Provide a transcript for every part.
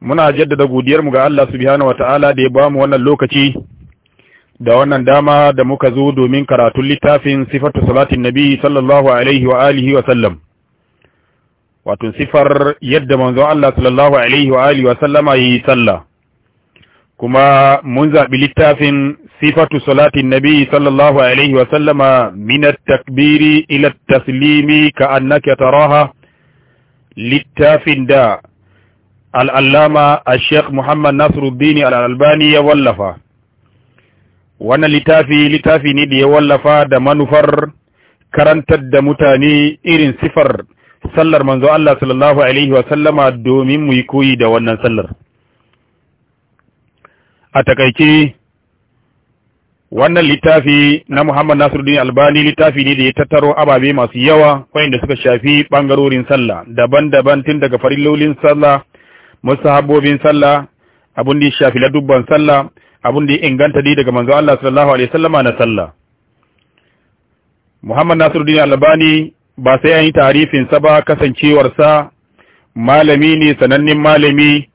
muna jaddada godiyarmu ga Allah subhanahu ta'ala da ya bamu wannan lokaci da wannan dama da muka zo domin karatun littafin sifatu salatin nabi sallallahu alaihi wa alihi wa sallam wato sifar yadda manzon Allah sallallahu alaihi wa alihi wa sallama yi sallah kuma mun zaɓi littafin sifatu salatin nabi sallallahu alaihi wa sallama min at-takbiri ila at-taslimi ka annaka taraha littafin da al'allama a sheikh muhammad nasiruddini al'albani ya wallafa wannan littafi littafi ne da ya wallafa da manufar karantar da mutane irin sifar sallar manzo Allah sallallahu alaihi domin mu yi koyi da wannan sallar a takaice wannan littafi na Muhammad Nasiruddin Albani littafi ne da ya tattaro ababe masu yawa wayanda suka shafi ɓangarorin sallah daban-daban tun daga farillolin sallah mustahabbobin sallah abun da ya shafi ladubban sallah abun da ya inganta dai daga manzo Allah sallallahu alaihi wasallama na sallah Muhammad Nasiruddin Albani ba sai an yi tarifin sa ba kasancewarsa malami ne sanannen malami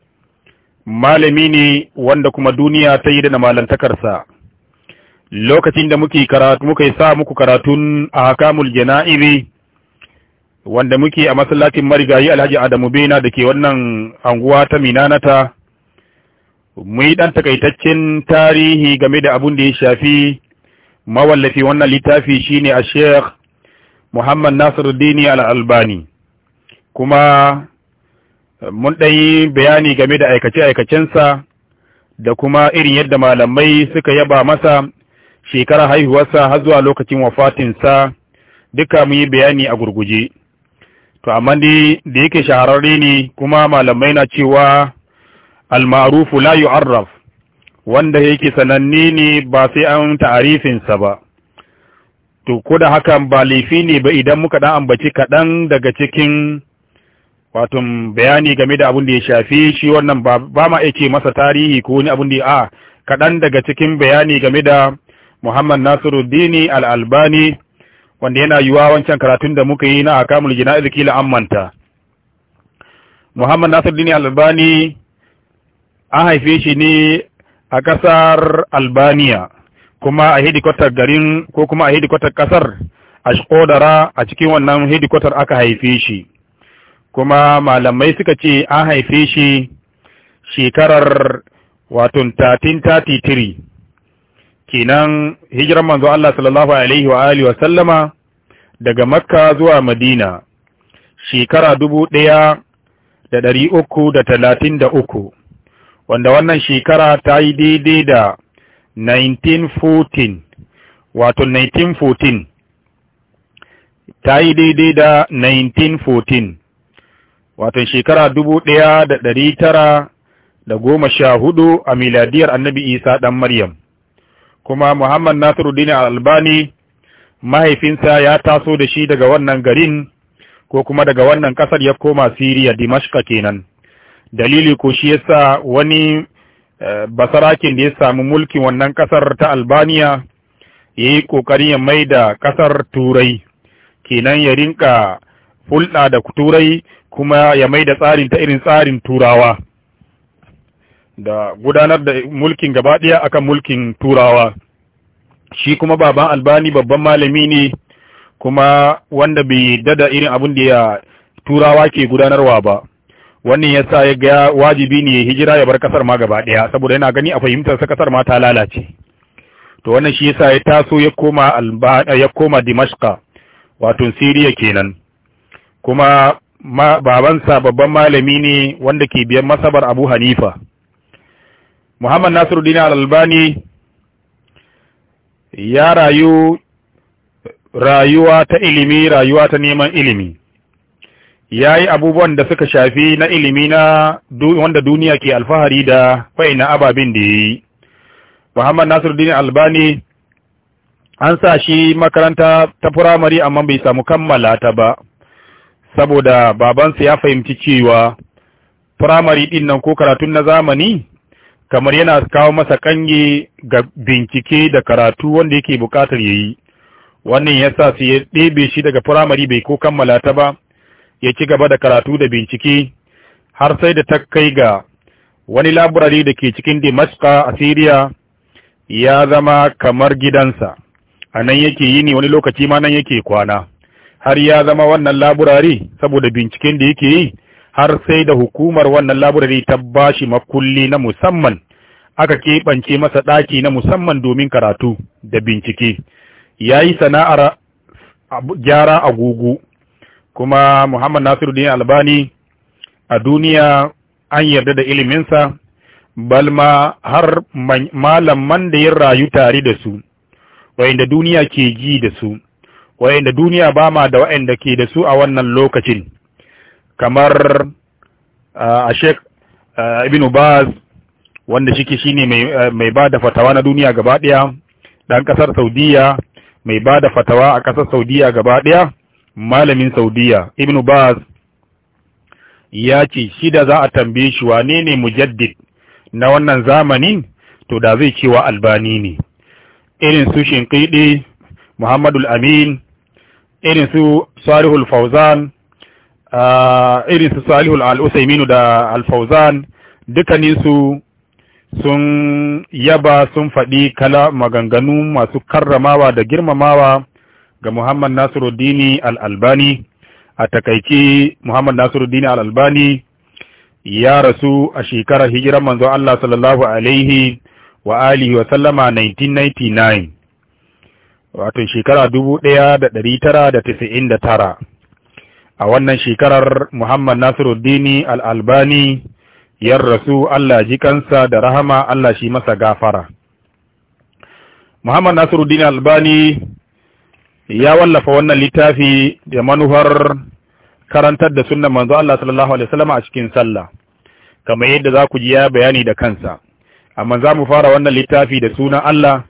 malami ne wanda kuma duniya ta yi da malantakarsa lokacin da muke karatu muka sa muku karatun ahkamul jana'ibi wanda muke a masallacin marigayi alhaji adamu bena da ke wannan anguwa ta minanata mu yi ɗan takaitaccen tarihi game da abun da ya shafi mawallafi wannan littafi shine a sheikh muhammad nasir dini al'albani kuma mun ɗanyi bayani game da aikace-aikacensa da kuma irin yadda malamai suka yaba masa shekara haihuwarsa har zuwa lokacin wafatinsa duka mu yi bayani a gurguje. to amma dai da yake shahararre ne kuma malamai na cewa al-ma'rufu la yu'arraf wanda yake sananni ne ba sai an sa ba to ko da haka ba laifi ne ba idan muka dan ambaci kaɗan daga cikin wato bayani game da abin da ya shafi shi wannan ba ba ma yake masa tarihi ko wani abin da a kaɗan daga cikin bayani game da Muhammad Nasiruddin Al-Albani wanda yana yiwa wancan karatun da muka yi na akamul jana'iz kila ammanta Muhammad Nasiruddin Albani an haife shi ne a kasar Albania kuma a hedikwatar garin ko kuma a hedikwatar kasar a Shkodara a cikin wannan hedikwatar aka haife shi kuma malamai suka ce an haife shi shekarar wato 1333 kenan hijiran manzo Allah sallallahu alaihi wa alihi wa sallama daga Makka zuwa Madina shekara dubu ɗaya da ɗari uku da talatin da uku wanda wannan shekara ta yi daidai da 1914 wato 1914 ta yi daidai da 1914 wato shekara dubu ɗaya da ɗari tara da goma sha hudu a miladiyar annabi isa ɗan maryam kuma Muhammad Nasiruddin Albani mahaifinsa ya taso da shi daga wannan garin ko kuma daga wannan kasar ya koma Siriya Dimashqa kenan dalili ko shi yasa wani eh, basarakin da ya samu mulkin wannan kasar ta Albaniya yayi kokari ya mai da kasar Turai kenan ya rinka hulɗa da Turai kuma ya mai da tsarin ta irin tsarin Turawa da gudanar da mulkin gabaɗaya akan mulkin turawa shi kuma baban albani babban malami ne kuma wanda bai dada irin abin da ya turawa ke gudanarwa ba wannan ya sa ya ga wajibi ne hijira ya bar kasar ma gaba saboda yana gani a fahimtar sa kasar ma ta lalace to wannan shi yasa ya taso ya koma ya koma dimashqa wato siriya kenan kuma babansa babban malami ne wanda ke biyan masabar abu hanifa Muhammad Nasiruddin Al-Albani ya rayu rayuwa ta ilimi rayuwa ta neman ilimi ya yi abubuwan da suka shafi na ilimi na wanda duniya ke alfahari da na ababin da ya yi muhammad nasiruddin albani an sa shi makaranta ta firamare amma bai samu kammala ta ba saboda babansa ya fahimci cewa firamare ɗin nan ko karatun na zamani kamar yana kawo masa kange ga bincike da karatu wanda yake bukatar ya yi wannan ya sa su ya ɗebe shi daga firamare bai ko kammala ta ba ya ci gaba da karatu da bincike har sai da ta kai ga wani laburare da ke cikin Damascus a Syria ya zama kamar gidansa a nan yake yi ne wani lokaci ma nan yake kwana har ya zama wannan laburare saboda binciken da yake yi har sai da hukumar wannan laburari ta bashi makulli na musamman aka keɓance masa ɗaki na musamman domin karatu da bincike ya yi sana'ar gyara gugu kuma muhammad nasiruddin albani a duniya an yarda da iliminsa balma har malaman da ya rayu tare da su da duniya ke ji da su da duniya ba ma da wa'anda ke da su a wannan lokacin kamar a sheik ibn baz wanda shike shine mai mai bada fatawa na duniya gaba daya dan kasar saudiya mai bada fatawa a ƙasar saudiya gaba daya malamin saudiya ibn baz ya ce shi da za a tambaye shi wane ne mujaddid na wannan zamani to da zai cewa albani ne irin su shinqidi muhammadul amin irin su salihul fauzan Ah, irin su Salihu al da Al-Fauzan dukkaninsu sun yaba sun faɗi kala maganganu masu karramawa da girmamawa ga Muhammad Nasiruddini al-Albani a takaici Muhammad Nasiruddini al-Albani ya rasu a shekarar hijiran manzo Allah sallallahu alaihi wa alihi wa sallama 1999 wato shekara 1999 a wannan shekarar Muhammad Nasiruddini Al-Albani ya rasu Allah ji kansa da rahama Allah shi masa gafara. Muhammad Nasiruddini Al-Albani ya wallafa wannan littafi da manufar karantar da sunan manzo Allah sallallahu alaihi wasallam a cikin sallah kamar yadda za ku ji ya bayani da kansa amma za mu fara wannan littafi da sunan Allah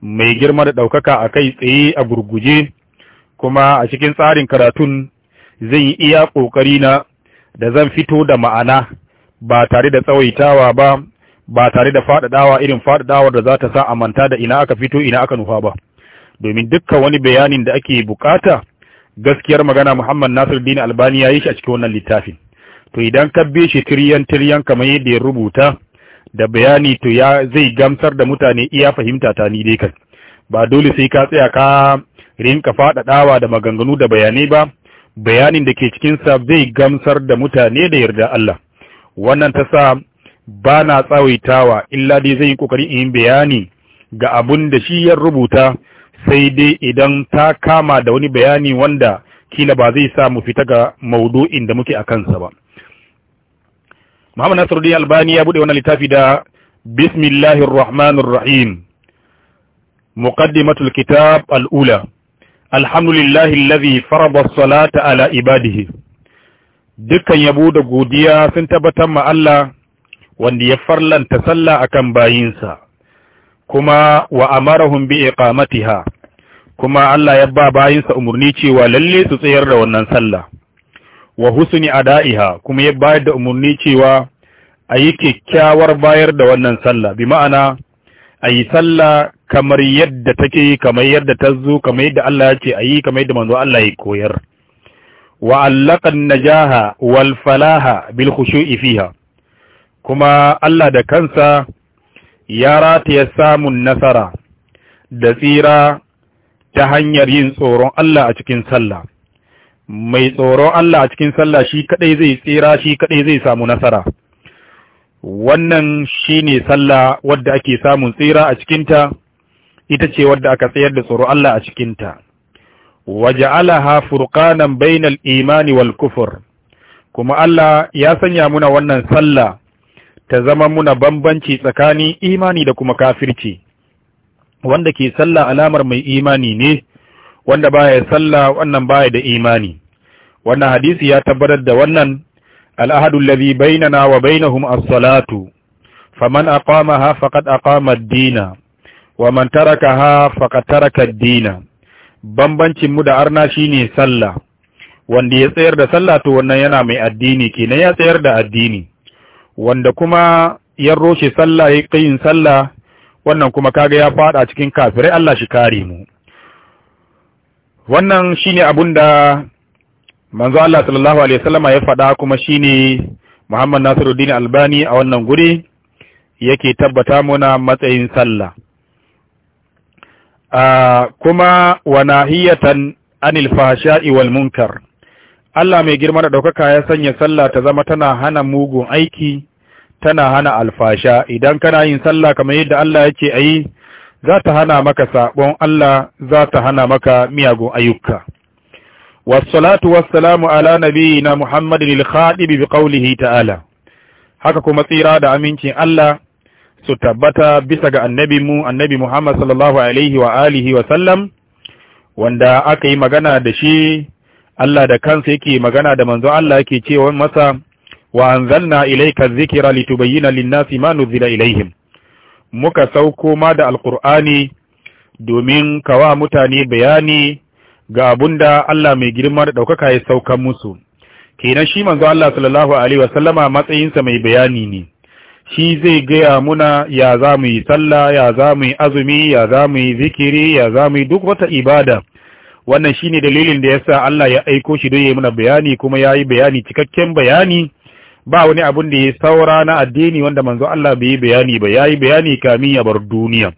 mai girma da ɗaukaka a kai tsaye a gurguje kuma a cikin tsarin karatun zan yi iya ƙoƙari na da zan fito da ma'ana ba tare da tsawaitawa ba ba tare da faɗaɗawa irin faɗaɗawar da za ta sa a manta da ina aka fito ina aka nufa ba domin dukkan wani bayanin da ake bukata gaskiyar magana Muhammad Nasir Dini Albani ya yi shi a cikin wannan littafin to idan ka bi shi tiryan tiryan kamar yadda ya rubuta da bayani to ya zai gamsar da mutane iya fahimta ta ni dai kai ba dole sai ka tsaya ka rinka faɗaɗawa da maganganu da bayanai ba bayanin da ke cikinsa zai gamsar da mutane da yarda Allah wannan ta sa ba na tsawaitawa illa dai zai yi kokari in yi bayani ga abun da shi ya rubuta sai dai idan ta kama da wani bayani wanda kila ba zai sa mu fita ga maudu'in da muke a kansa ba Muhammad Nasiruddin Albani ya bude wannan littafi da Bismillahir Rahmanir Rahim Muqaddimatul Kitab al-Ula الحمد لله الذي فرض ala على dukkan yabo da godiya sun tabbatar ma Allah wanda ya farlanta sallah akan bayinsa kuma wa amarahum bi iqamatiha kuma Allah ya ba bayinsa umurni cewa lalle su tsayar da wannan sallah wa husni ada'iha kuma ya bayar da umurni cewa ayi kyakkyawar bayar da wannan sallah bi ma'ana ayi sallah kamar yadda take kamar yadda ta zo kamar yadda Allah ya ce ayi kamar yadda manzo Allah ya koyar wa najaha wal falaha bil khushu'i fiha kuma Allah da kansa ya rataya samun nasara da tsira ta hanyar yin tsoron Allah a cikin sallah mai tsoron Allah a cikin sallah shi kadai zai tsira shi kadai zai samu nasara wannan shine sallah wadda ake samun tsira a cikinta ita ce wadda aka tsayar da tsoro Allah a cikinta waja'alaha furqanan bainal imani wal kufur kuma Allah ya sanya muna wannan sallah ta zama muna bambanci tsakanin imani da kuma kafirci wanda ke sallah alamar mai imani ne wanda ya sallah wannan baya da imani wannan hadisi ya tabbatar da wannan al'ahadu alladhi bainana wa bainahum as-salatu faman aqamaha faqad aqama ad-dina wa man tarakaha faqad taraka ad-dina bambancin mu da arna shine sallah wanda ya tsayar da sallah to wannan yana mai addini kenan ya tsayar da addini wanda kuma ya roshe sallah ya kayin sallah wannan kuma kaga ya fada cikin kafirai Allah shi kare mu wannan shine abun da manzo Allah sallallahu alaihi wasallama ya fada kuma shine Muhammad Nasiruddin Albani a wannan guri yake tabbata muna matsayin sallah kuma wa nahiyatan anil fahsha'i wal munkar Allah mai girma da ɗaukaka ya sanya sallah ta zama tana hana mugun aiki, tana hana alfasha, idan kana yin sallah kamar yadda Allah ya ce a yi, za ta hana maka saɓon Allah za ta hana maka miyagun ayyuka. Wassalatu wassalamu ala nabi na Muhammadin al-Khadibi bi qawlihi ta'ala. Haka kuma tsira da amincin Allah su tabbata bisa ga annabi mu annabi Muhammad sallallahu alaihi wa alihi wa sallam wanda aka yi magana da shi Allah da kansa yake magana da manzo Allah yake cewa masa wa anzalna ilayka dhikra litubayyana lin-nasi ma nuzila ilaihim muka sauko ma da alqur'ani domin kawa mutane bayani ga abunda Allah mai girma da daukaka ya sauka musu kenan shi manzo Allah sallallahu alaihi wa sallama matsayinsa mai bayani ne shi zai gaya muna ya za mu yi sallah ya za mu yi azumi ya za mu yi zikiri ya za mu yi duk wata ibada wannan shi ne dalilin da ya sa Allah ya aiko shi don ya muna bayani kuma ya yi bayani cikakken bayani ba wani abun da ya saura na addini wanda manzo Allah bai yi bayani ba ya yi bayani kamin ya bar duniya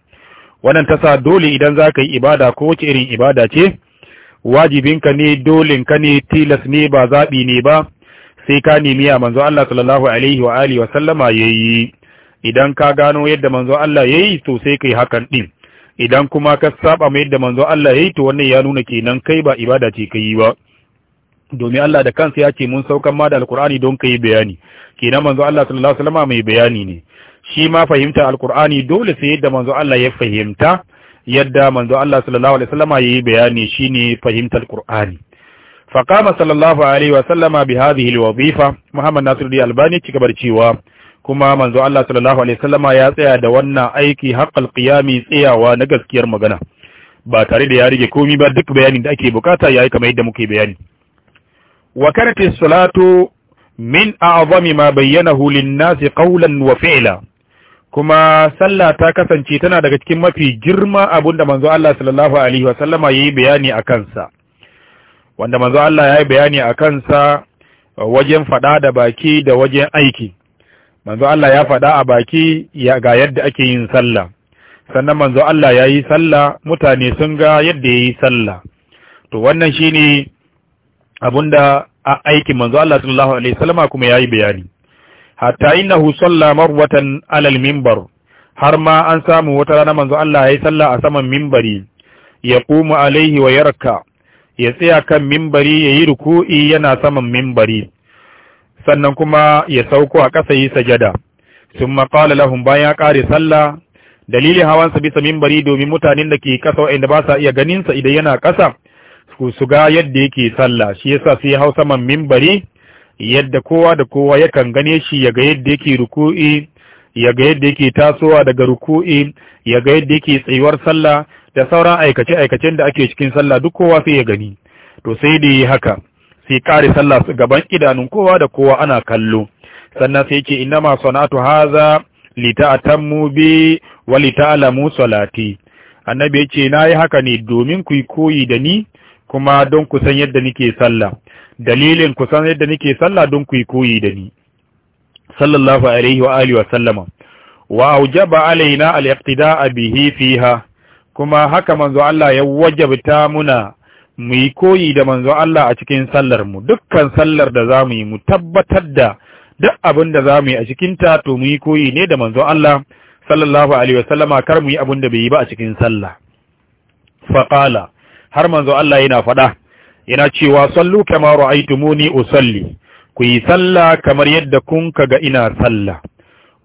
wannan ta sa dole idan za ka yi ibada ko wace irin ibada ce wajibinka ne dolinka ne tilas ne ba zaɓi ne ba sai ka nemi a manzo Allah sallallahu alaihi wa alihi wa sallama yayi idan ka gano yadda manzo Allah yayi to sai kai hakan din idan kuma ka saba mai yadda manzo Allah yayi to wannan ya nuna kenan kai ba ibada ce kai ba domin Allah da kansa ya ce mun saukan ma da alqur'ani don kai bayani kenan manzo Allah sallallahu alaihi sallama mai bayani ne shi ma fahimta alkur'ani dole sai yadda manzo Allah ya fahimta yadda manzo Allah sallallahu alaihi sallama yayi bayani shine fahimtar alkur'ani faqama sallallahu alaihi wa sallama bi hadhihi alwazifa muhammad nasiruddin albani ci gaba da cewa kuma manzo Allah sallallahu alaihi sallama ya tsaya da wannan aiki haqqal qiyami tsayawa na gaskiyar magana ba tare da ya rige komai ba duk bayanin da ake bukata yayi kamar yadda muke bayani wa kanat salatu min a'zami ma bayyanahu lin-nasi qawlan wa fi'la kuma sallah ta kasance tana daga cikin mafi girma abinda manzo Allah sallallahu alaihi wa sallama yayi bayani akan sa wanda manzo Allah ya yi bayani a kansa uh, wajen faɗa da baki da wajen aiki manzo Allah ya faɗa a baki ya ga yadda ake yin sallah sannan manzo Allah ya yi sallah mutane sun ga yadda ya yi sallah to wannan shi shine abunda a aikin manzo Allah sallallahu alaihi wasallama kuma ya yi bayani hatta innahu salla marwatan alal mimbar, har ma an samu wata rana manzo Allah ya yi sallah a saman mimbari, ya kuma alaihi wa yarka ya tsaya kan mimbari ya yi ruku'i yana saman mimbari sannan kuma ya sauko a ƙasa yi sajada sun maƙala lahun bayan ya ƙare sallah dalilin hawan hawansa bisa mimbari domin mutanen da ke ƙasa wa’inda ba sa iya ganinsa idan yana ƙasa su ga yadda yake sallah shi yasa sai hau saman mimbari yadda kowa da kowa yakan gane shi ya ga yadda yake ruku'i ya ga yadda yake tasowa daga ruku'i ya ga yadda yake tsayuwar sallah da sauran aikace-aikacen da ake cikin sallah duk kowa sai ya gani to sai da yi haka sai kare sallah su gaban idanun kowa da kowa ana kallo sannan sai ce inna ma sanatu haza lita'atammu bi wa lita'lamu salati annabi yace nayi haka ne domin ku koyi da ni kuma don ku san yadda nake sallah dalilin ku san yadda nake sallah don ku koyi da ni sallallahu alaihi wa alihi wa sallama wa aujaba alaina al iqtida bihi fiha kuma haka manzo Allah ya wajabta muna mu yi koyi da manzo Allah a cikin sallar mu dukkan sallar da zamu yi mu tabbatar da duk abin da zamu yi a cikin ta to mu yi koyi ne da manzo Allah sallallahu alaihi wasallama kar mu yi abin da bai yi ba a cikin sallah faqala har manzo Allah yana faɗa yana cewa sallu kama ra'aytumuni usalli ku yi sallah kamar yadda kun kaga ina sallah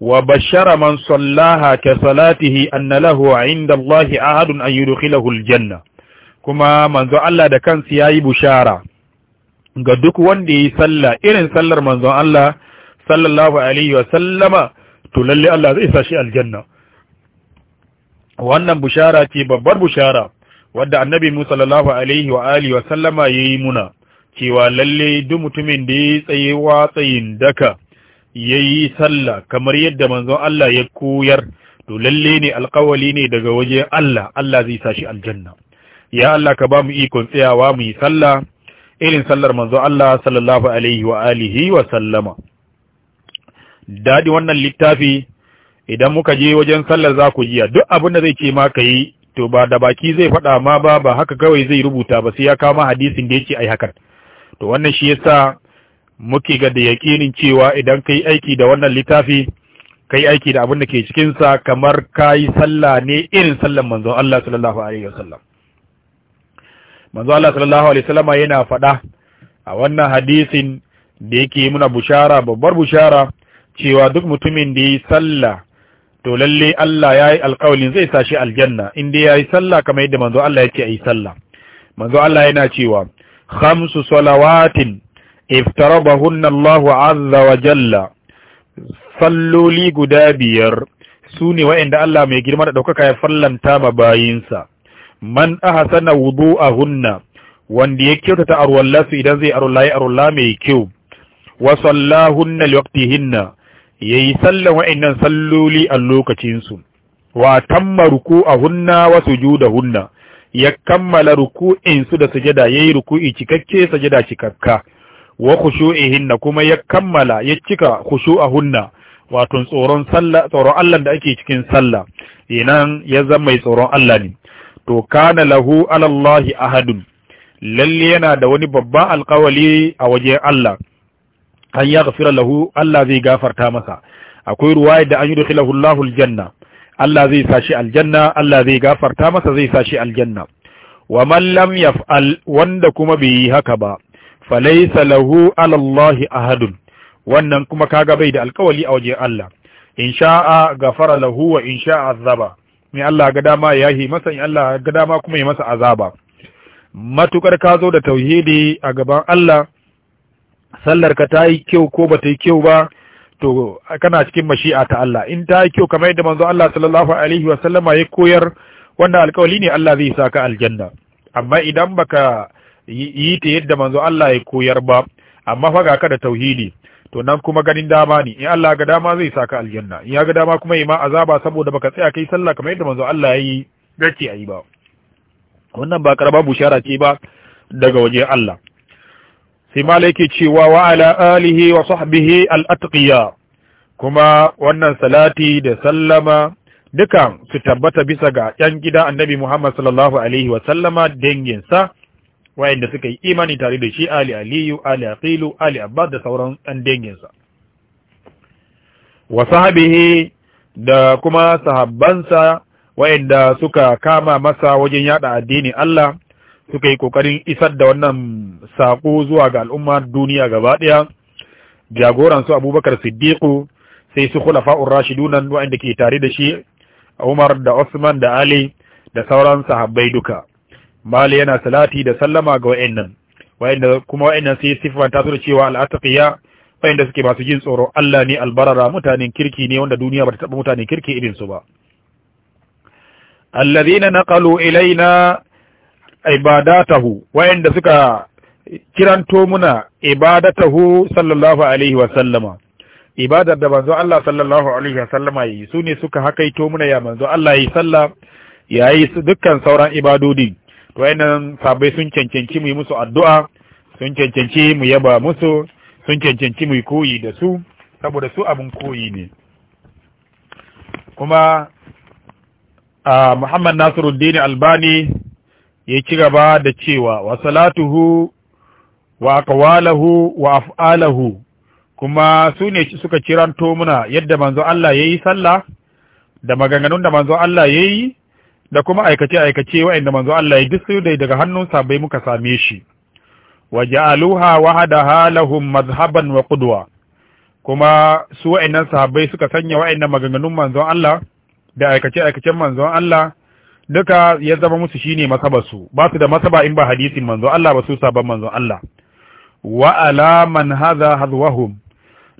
Wa وبشر من صلاها كصلاته أن له عند الله أحد أن يدخله الجنة كما من ذو الله ده كان سياي بشارة ga duk wanda yi sallah irin sallar manzon Allah sallallahu alaihi wa sallama to lalle Allah zai sa shi aljanna wannan bushara ce babbar bushara wadda annabi Musa sallallahu alaihi wa alihi wa sallama yayi muna cewa lalle duk mutumin da ya tsayewa tsayin daka yi sallah kamar yadda manzon Allah ya koyar to lalle ne alƙawali ne daga waje Allah Allah zai sa shi aljanna ya Allah ka ba mu ikon tsayawa mu yi sallah irin sallar manzon Allah sallallahu alaihi wa alihi wa sallama dadi wannan littafi idan muka je wajen sallar za ku jiya duk abin da zai ce ma ka yi to ba da baki zai faɗa ma ba ba haka kawai zai rubuta ba sai ya kama hadisin da yake ce ai haka to wannan shi yasa muke ga da yaƙinin cewa idan kai aiki da wannan littafi kai aiki da abin da ke cikinsa kamar ka yi sallah ne irin sallan manzon Allah sallallahu alaihi wasallam manzon Allah sallallahu alaihi wasallama yana faɗa a wannan hadisin da yake muna bushara babbar bushara cewa duk mutumin da ya yi sallah to lalle Allah ya yi alƙawalin zai sa shi aljanna inda ya yi sallah kamar yadda manzo Allah ya ce a yi sallah manzo Allah yana cewa khamsu salawatin iftarabahunna Allahu azza wa jalla salloli guda biyar su ne wa'inda Allah mai girma da ɗaukaka ya fallanta ma bayinsa man ahsana wudu'ahunna wanda ya kyautata arwallasu idan zai arwallahi arwalla mai kyau wa sallahunna liwaqtihinna yayi sallan wa'innan salloli a lokacin su wa tamma ruku'ahunna wa hunna, ya kammala ruku'in su da sujada yayi ruku'i cikakke sujada cikakka wa khushu'ihinna kuma ya kammala ya cika khushu'ahunna wato tsoron sallah tsoron Allah da ake cikin sallah inan ya zama mai tsoron Allah ne to kana lahu alallahi ahadun lalle yana da wani babban alƙawali a wajen Allah an ya gafira lahu Allah zai gafarta masa akwai ruwaya da an yi dakhilahu Allahu aljanna Allah zai sashi aljanna Allah zai gafarta masa zai sashi aljanna wa man lam yaf'al wanda kuma bai yi haka ba falaisa lahu ala ahadun wannan kuma kaga bai da alkawali a waje Allah in sha'a gafara lahu wa in sha'a azaba mai Allah ga dama ya yi masa in Allah ga dama kuma ya masa azaba matukar ka zo da tauhidi a gaban Allah sallar ka ta yi kyau ko ba ta yi kyau ba to kana cikin mashi'a ta Allah in ta yi kyau kamar yadda manzo Allah sallallahu alaihi wa sallama ya koyar wannan alkawali ne Allah zai saka aljanna amma idan baka yi ta yadda manzo Allah ya koyar ba amma fa ga ka da tauhidi to nan kuma ganin dama ne in Allah ga dama zai saka aljanna in ya ga dama kuma yi ma azaba saboda baka tsaya kai sallah kamar yadda manzo Allah ya yi dace ayi ba wannan ba karaba bushara ce ba daga waje Allah sai malaike cewa wa ala alihi wa sahbihi al atqiya kuma wannan salati da sallama dukan su tabbata bisa ga yan gida annabi Muhammad sallallahu alaihi wa sallama danginsa wayanda suka yi imani tare da shi ali aliyu ali aqilu ali abbas da sauran ɗan danginsa wa sahabihi da kuma sahabbansa wayanda suka kama masa wajen yada addini Allah suka yi kokarin isar da wannan saƙo zuwa ga al'umma duniya gaba daya jagoran su Abubakar Siddiqu sai su khulafa'ur rashidunan wayanda ke tare da shi Umar da Usman da Ali da sauran sahabbai duka mali yana salati da sallama ga wa'annan wa'anda kuma wa'annan sai sifanta su da cewa al'ataqiya wa'anda suke masu jin tsoro Allah ne albarara mutanen kirki ne wanda duniya bata taba mutanen kirki irin su ba alladhina naqalu ilaina ibadatahu wa'anda suka kiranto muna ibadatahu sallallahu alaihi wa sallama ibadar da manzo Allah sallallahu alaihi wa sallama yi sune suka hakaito muna ya manzo Allah yi sallah yayi dukkan sauran ibadodi to wayannan sabai sun cancanci mu yi musu addu'a sun cancanci mu yaba musu sun cancanci mu koyi da su saboda su abin koyi ne kuma a Muhammad Nasiruddin Albani ya ci gaba da cewa wa salatuhu wa aqwaluhu wa af'alahu kuma su ne suka ciranto muna yadda manzo Allah ya yi sallah da maganganun da manzo Allah ya yi. da kuma aikace aikace wa'inda manzo Allah ya duk dai daga hannun sabai muka same shi wa ja'aluha wahadaha lahum madhhaban wa qudwa kuma su wa'annan sahabbai suka sanya wa'annan maganganun manzo Allah da aikace aikacen manzo Allah duka ya zama musu shine su, ba su da masaba in ba hadisin manzo Allah ba su saban manzo Allah wa ala man hadha hadwahum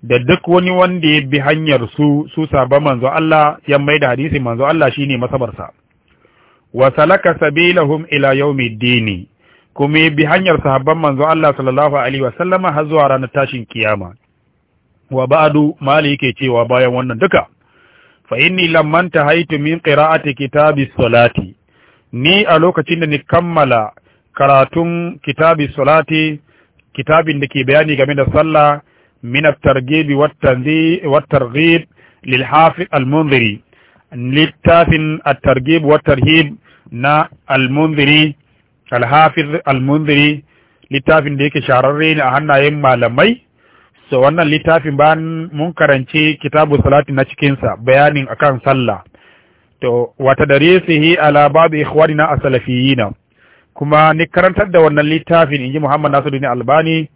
da duk wani wanda ya bi hanyar su su saban manzo Allah ya mai da hadisin manzo Allah shine masabarsa wa salaka sabilahum ila dini kuma bi hanyar sahabban manzo Allah sallallahu alaihi wa sallama har zuwa ranar tashin kiyama wa ba'du mali yake cewa bayan wannan duka fa inni lamman tahaitu min qira'ati kitabi salati ni a lokacin da ni kammala karatun kitabi salati kitabin da ke bayani game da sallah min at-targhib wa at-targhib lil hafiz al-munziri littafin at-targhib wa at-tarhib na al-munziri al littafin da yake shararre ne a hannayen malamai so wannan littafin bayan mun karanci kitabu salati na cikinsa bayanin akan sallah to wata dare sihi ala babu ikhwanina asalafiyina kuma ni karantar da wannan littafin inji Muhammad Nasiruddin Albani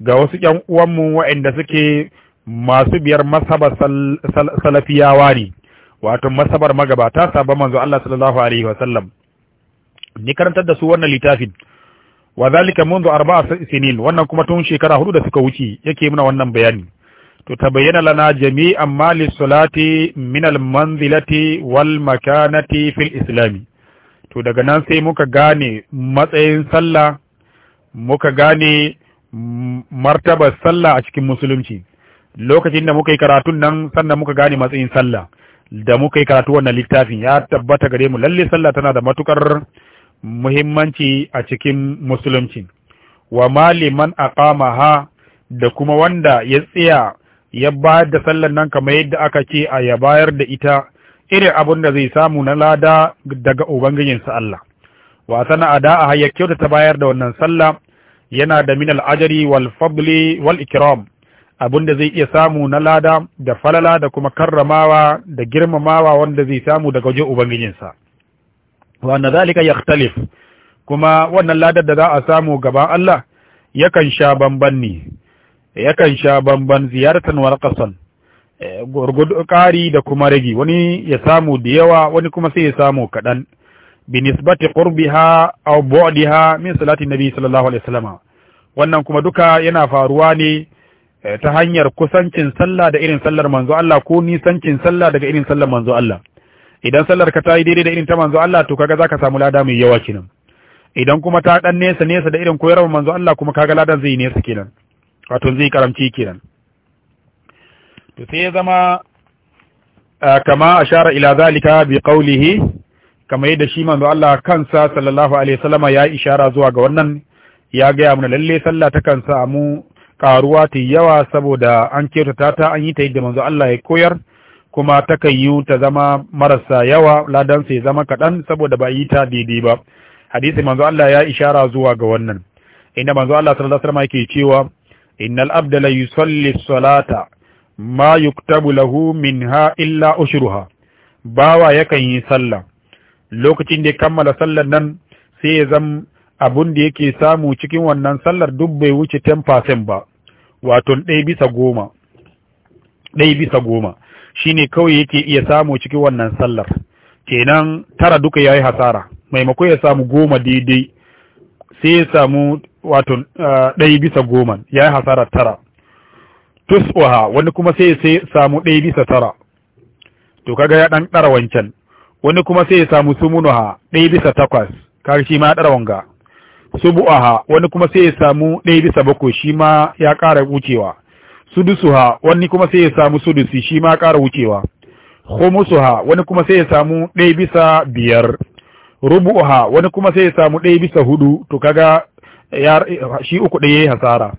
ga wasu yan uwanmu waɗanda suke masu biyar masaba salafiyawa ne wato masabar magabata sabon manzo Allah sallallahu alaihi wa sallam ni karantar da su wannan littafin wa zalika منذ arba'a sinin wannan kuma tun shekara hudu da suka wuce yake muna wannan bayani to tabayyana lana jami'an mali salati min al-manzilati wal makanati fil islami to daga nan sai muka gane matsayin sallah muka gane martabar sallah a cikin musulunci lokacin da muka yi karatun nan sannan muka gane matsayin sallah da muka yi karatu wannan littafin ya tabbata gare mu lalle sallah tana da matukar muhimmanci a cikin musulunci wa maliman aqamaha da kuma wanda ya tsaya ya bayar da sallan nan kamar yadda aka ce a ya bayar da ita irin abun da zai samu na lada daga sa Allah wa sana ada a ya ta bayar da wannan sallah yana da min al-ajri wal fadli wal ikram abin da zai iya samu na lada da falala da kuma karramawa da girmamawa wanda zai samu daga wajen ubangijinsa wa anna zalika yakhtalif kuma wannan ladar da za a samu gaban Allah yakan sha bamban ne yakan sha bamban ziyartan wal eh, gurgudu kari da kuma ragi wani ya samu da yawa wani kuma sai ya samu kadan bi nisbati qurbiha aw bu'diha min salati nabi sallallahu alaihi wasallam wannan kuma duka yana faruwa ne Eh, ta hanyar kusancin sallah da irin sallar manzo Allah ko nisancin sallah daga irin sallar manzo Allah idan sallar ka ta yi daidai da irin ta manzo Allah to kaga zaka samu lada mai yawa kenan idan kuma ta dan nesa nesa da irin koyarwar manzo Allah kuma kaga ladan zai nesa kenan wato zai karamci kenan to sai ya zama eh, kama ashara ila zalika bi qawlihi kama yadda shi manzo Allah kansa sallallahu alaihi wasallama ya ishara zuwa ga wannan ya gaya mana lalle sallah ta kan samu karuwa ta yawa saboda an kyautata ta an yi ta yadda manzo Allah ya koyar kuma ta yi ta zama marasa yawa ladan sai zama kaɗan saboda ba yi ta daidai ba hadisi manzo Allah ya ishara zuwa ga wannan inda manzo Allah sallallahu alaihi wasallam yake cewa innal abda la yusalli salata ma yuktabu lahu minha illa ushruha bawa yakan yi sallah lokacin da ya kammala sallar nan sai ya zama abun da yake samu cikin wannan sallar duk bai wuce 10% ba wato ɗaya bisa goma ɗaya bisa goma shine kawai yake iya samu cikin wannan sallar kenan tara duka yayi hasara maimako ya samu goma daidai sai ya samu wato ɗaya bisa goma yayi hasara tara tus'uha wani kuma sai ya samu ɗaya bisa tara to kaga ya ɗan ɗara wancan wani kuma sai ya samu sumunuha ɗaya bisa takwas kaga shi ma ya ɗara wanga subu'aha wani kuma sai ya samu ɗaya bisa bakwai shi ma ya ƙara wucewa sudusuha wani kuma sai ya samu sudusi shi ma ƙara wucewa khumusuha wani kuma sai ya samu ɗaya bisa biyar rubu'uha wani kuma sai ya samu ɗaya bisa hudu to kaga shi uku ɗaya ya yi hasara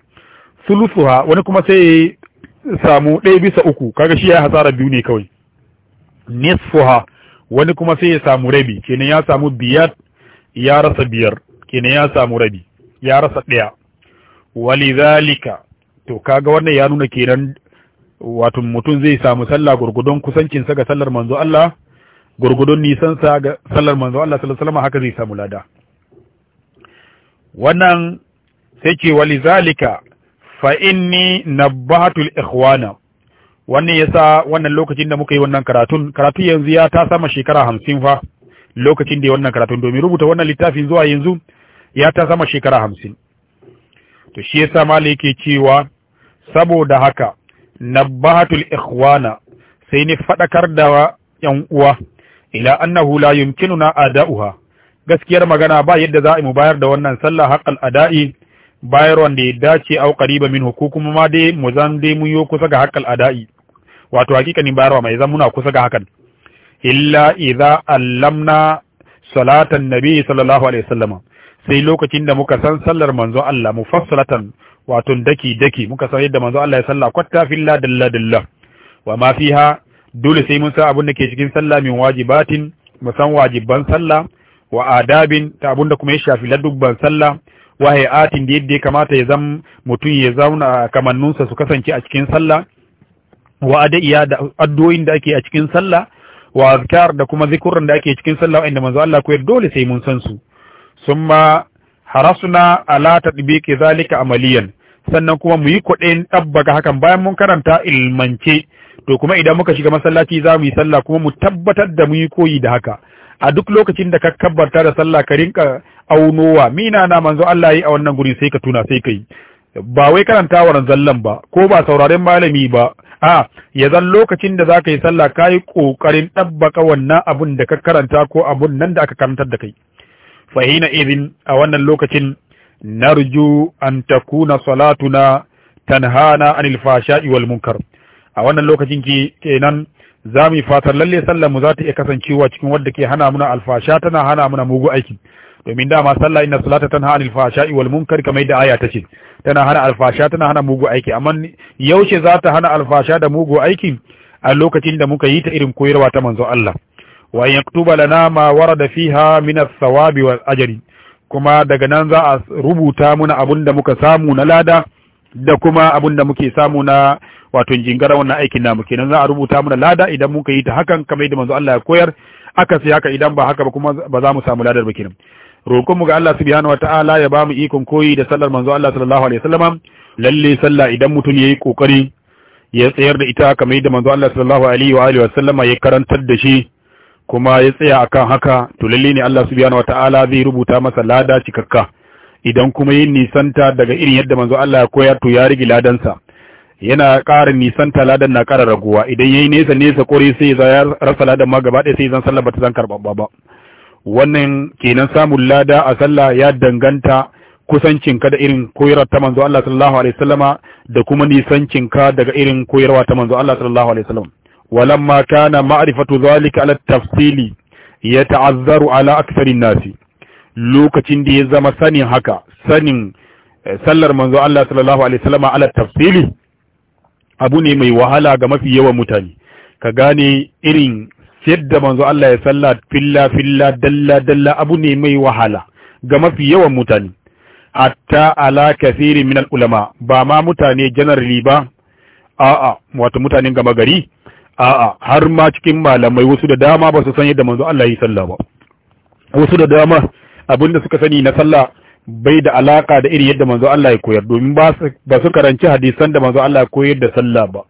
sulusuha wani kuma sai ya samu ɗaya bisa uku kaga shi ya hasara biyu ne kawai nisfuha wani kuma sai ya samu rabi kenan ya samu biyar ya rasa biyar kenan ya samu rabi ya rasa ɗaya walidhalika to kaga wannan ya nuna kenan wato mutum zai samu sallah gurgudun kusancin sa ga sallar manzo Allah gurgudun nisan sa ga sallar manzo Allah sallallahu alaihi wasallam haka zai samu lada wannan sai ce walizalika fa inni nabbatul ikhwana wannan yasa wannan lokacin da muka yi wannan karatun karatu yanzu ya ta sama shekara hamsin fa lokacin da wannan karatun domin rubuta wannan littafin zuwa yanzu ya ta sama shekara hamsin to shi yasa mala yake cewa saboda haka nabbahatul ikhwana sai ni fadakar da yan uwa ila annahu la yumkinuna ada'uha gaskiyar magana ba yadda za mu bayar da wannan sallah haqqal ada'i bayar wanda ya dace au qariba ko kuma ma dai mu zan dai mu yo kusa ga haqqal ada'i wato hakikanin bayarwa mai zan muna kusa ga hakan illa idza allamna salatan nabi sallallahu alaihi wasallama sai lokacin da muka san sallar manzo Allah mufassalatan wato daki daki muka san yadda manzo Allah ya salla kwatta filla dalla dalla wa ma fiha dole sai mun san abin da ke cikin sallah min wajibatin mu san wajiban sallah wa adabin ta abin da kuma ya shafi ladubban sallah wa hayatin da yadda ya kamata ya zam mutum ya zauna kamannunsa su kasance a cikin sallah wa ya da addu'o'in da ake a cikin sallah wa azkar da kuma zikurran da ake cikin sallah inda manzo Allah koyar dole sai mun san su summa harasuna ala tadbiqi zalika amaliyan sannan kuma muyi yi kuɗin tabbaka hakan bayan mun karanta ilmance to kuma idan muka shiga masallaci za mu yi sallah kuma mu tabbatar da muyi koyi da haka a duk lokacin da ka kabbarta da sallah ka rinka aunowa mina na manzo Allah yi a wannan guri sai ka tuna sai kai ba wai karanta karantawa zallan ba ko ba sauraren malami ba a ya zan lokacin da zaka yi sallah kai kokarin tabbaka wannan abun da ka karanta ko abun nan da aka karantar da kai fahina hina a wannan lokacin narju an takuna salatuna tanhana anil fashai wal munkar a wannan lokacin ki kenan za mu fatar lalle sallar mu za ta iya kasancewa cikin wadda ke hana muna alfasha tana hana muna mugu aiki domin dama sallah inna salata tanha anil fashai wal munkar kamar da aya tace tana hana alfasha tana hana mugu aiki amma yaushe za ta hana alfasha da mugu aiki a lokacin da muka yi ta irin koyarwa ta manzo Allah وأن يكتب لنا ما ورد فيها من الثواب والأجر كما دغنان ذا ربوتا من أبن دمك سامونا لادا da kuma abin da muke samu na wato jingara wannan aikin namu kenan za a rubuta muna lada idan muka yi ta hakan kamar yadda manzo Allah ya koyar aka sai haka idan ba haka ba kuma ba za mu samu ladar ba kenan roƙon mu ga Allah subhanahu wataala ya ba mu ikon koyi da sallar manzo Allah sallallahu alaihi wasallama lalle sallah idan mutum yayi kokari ya tsayar da ita kamar yadda manzo Allah sallallahu alaihi wa alihi wasallama ya karantar da shi kuma ya tsaya akan haka to lalle ne Allah subhanahu wataala zai rubuta masa lada cikakka idan kuma yin nisanta daga irin yadda manzo Allah ya koyar to ya rigi ladansa yana ƙara nisanta ladan na ƙara raguwa idan yayi nesa nesa kore sai ya rasa ladan ma gaba ɗaya sai zan sallah bata zan karɓa ba wannan kenan samun lada a sallah ya danganta kusancinka da irin koyarwa ta manzo Allah sallallahu alaihi wasallama da kuma nisancinka daga irin koyarwa ta manzo Allah sallallahu alaihi wasallam ولما كان معرفة ذلك على ya ta'azzaru على أكثر الناس لوكتين دي زما سنين هكا sanin eh, sallar manzo Allah sallallahu alaihi wasallam ala tafsili abu ne mai wahala ga mafi yawan mutane ka gane irin yadda manzo Allah ya salla filla filla dalla dalla abu ne mai wahala ga mafi yawan mutane hatta ala kathirin min ulama ba ma mutane generally ba a'a wata mutanen gama gari a'a har ma cikin malamai wasu da dama ba su san yadda manzo Allah yi sallah ba wasu da dama abinda suka sani na sallah bai da alaka da irin yadda manzo Allah ya koyar domin ba su karanci hadisan da manzo Allah ya koyar da sallah ba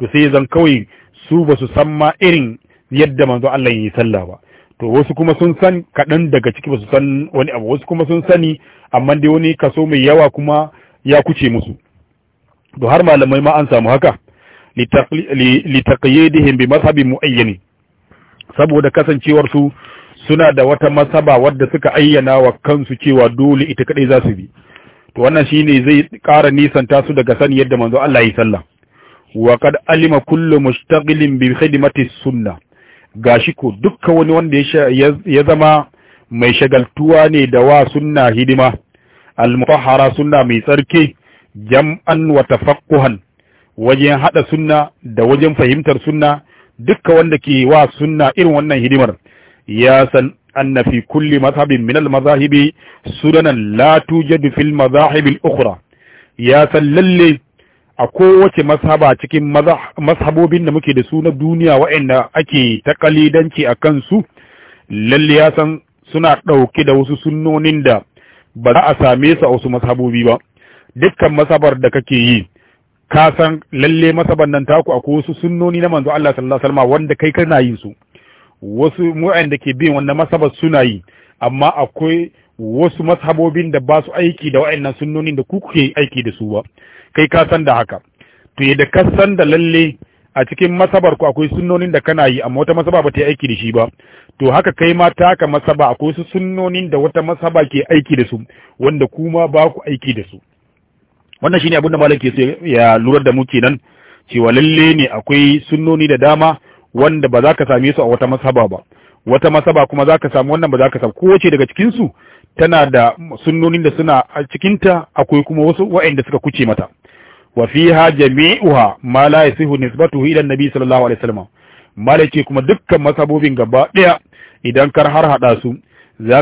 to sai zan kawai su ba su san ma irin yadda manzo Allah ya yi sallah ba to wasu kuma sun san kaɗan daga ciki ba su san wani abu wasu kuma sun sani amma dai wani kaso mai yawa kuma ya kuce musu to har malamai ma an samu haka litaqyidihim bi mu mu'ayyani saboda kasancewar su suna da wata masaba wadda suka ayyana wa kansu cewa dole ita kadai za su bi to wannan shine zai ƙara nisanta su daga sani yadda manzo Allah ya sallah wa qad alima kullu mustaqilin bi khidmati sunna gashi ko dukkan wani wanda ya zama mai shagaltuwa ne da wa sunna hidima al-mutahhara sunna mai tsarki jam'an wa tafaqquhan wajen hada sunna da wajen fahimtar sunna dukka wanda ke wa sunna irin wannan hidimar ya san anna fi kulli mazhabin min al mazahibi sunanan la tujadu fil mazahib al ukhra ya san lalle a kowace mazhaba cikin mazhabobin da muke da su na duniya waɗanda ake danci a kansu lalle ya san suna ɗauke da wasu sunnonin da ba za a same su a wasu mazhabobi ba dukkan mazhabar da kake yi ka san lalle masaban nan taku akwai wasu sunnoni na manzo Allah sallallahu alaihi wasallam wanda kai kana yin su wasu mu'ayin da ke bin wanda masabar suna yi amma akwai wasu mashabobin da ba su aiki da wa'annan sunnoni da ku kuke aiki da su ba kai ka san da haka to yadda ka san da lalle a cikin masabar ku akwai sunnonin da kana yi amma wata masaba ba ta yi aiki da shi ba to haka kai ma ta haka masaba akwai wasu sunnonin da wata masaba ke aiki da su wanda kuma ba ku aiki da su wannan shine abinda da malam ke ya lurar da mu kenan cewa lalle ne akwai sunnoni da dama wanda ba za ka same su a wata masaba ba wata masaba kuma za ka samu wannan ba za ka samu kowace daga cikinsu tana da sunnonin da suna a cikinta akwai kuma wasu wa'anda suka kuce mata wa fiha jami'uha ma la yasihu nisbatuhu ila nabi sallallahu alaihi wasallam malaki kuma dukkan masabobin gaba daya idan kar har hada su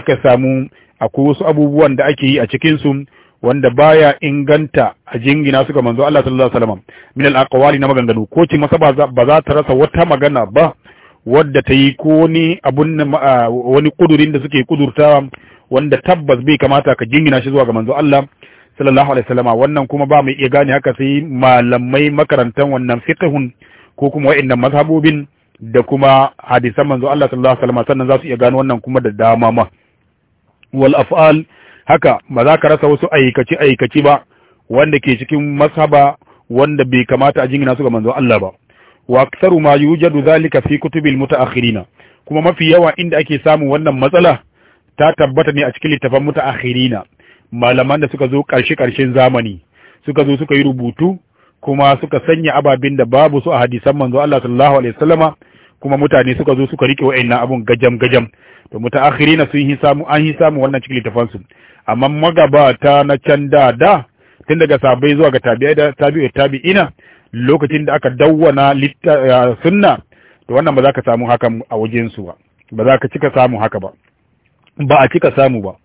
ka samu akwai wasu abubuwan da ake yi a cikinsu. su wanda baya inganta a jingina suka manzo Allah sallallahu alaihi wasallam min al-aqwali na maganganu ko ce masa ba za ta rasa wata magana ba wadda ta yi ko wani abun ah, wani kudurin da suke kudurta wanda tabbas bai kamata ka jingina shi zuwa ga manzo Allah sallallahu alaihi wasallam wannan kuma ba mai iya gane haka sai malamai makarantan wannan fiqhun ko kuma wa'annan mazhabobin da kuma hadisan manzo Allah sallallahu alaihi wasallam sannan za su iya gano wannan kuma da dama ma wal af'al haka ba za ka rasa wasu aikaci aikaci ba wanda ke cikin mashaba wanda bai kamata a jingina su ga manzo Allah ba wa aktsaru ma yujadu zalika fi kutubil mutaakhirina kuma mafi yawa inda ake samun wannan matsala ta tabbata ne a cikin littafan mutaakhirina malaman da suka zo karshe karshen zamani suka zo suka yi rubutu kuma suka sanya ababin da babu su a hadisan manzo Allah sallallahu alaihi wasallama kuma mutane suka zo suka rike wa'annan abun gajam gajam to mutaakhirina sun yi samu an yi samu wannan cikin litafansu amma magabata na can da da tun daga sabai zuwa ga tabi'ai da tabi'ina lokacin da aka dawwana sunna to wannan ba za ka samu haka a wajen su ba ba za ka cika samu haka ba ba a cika samu ba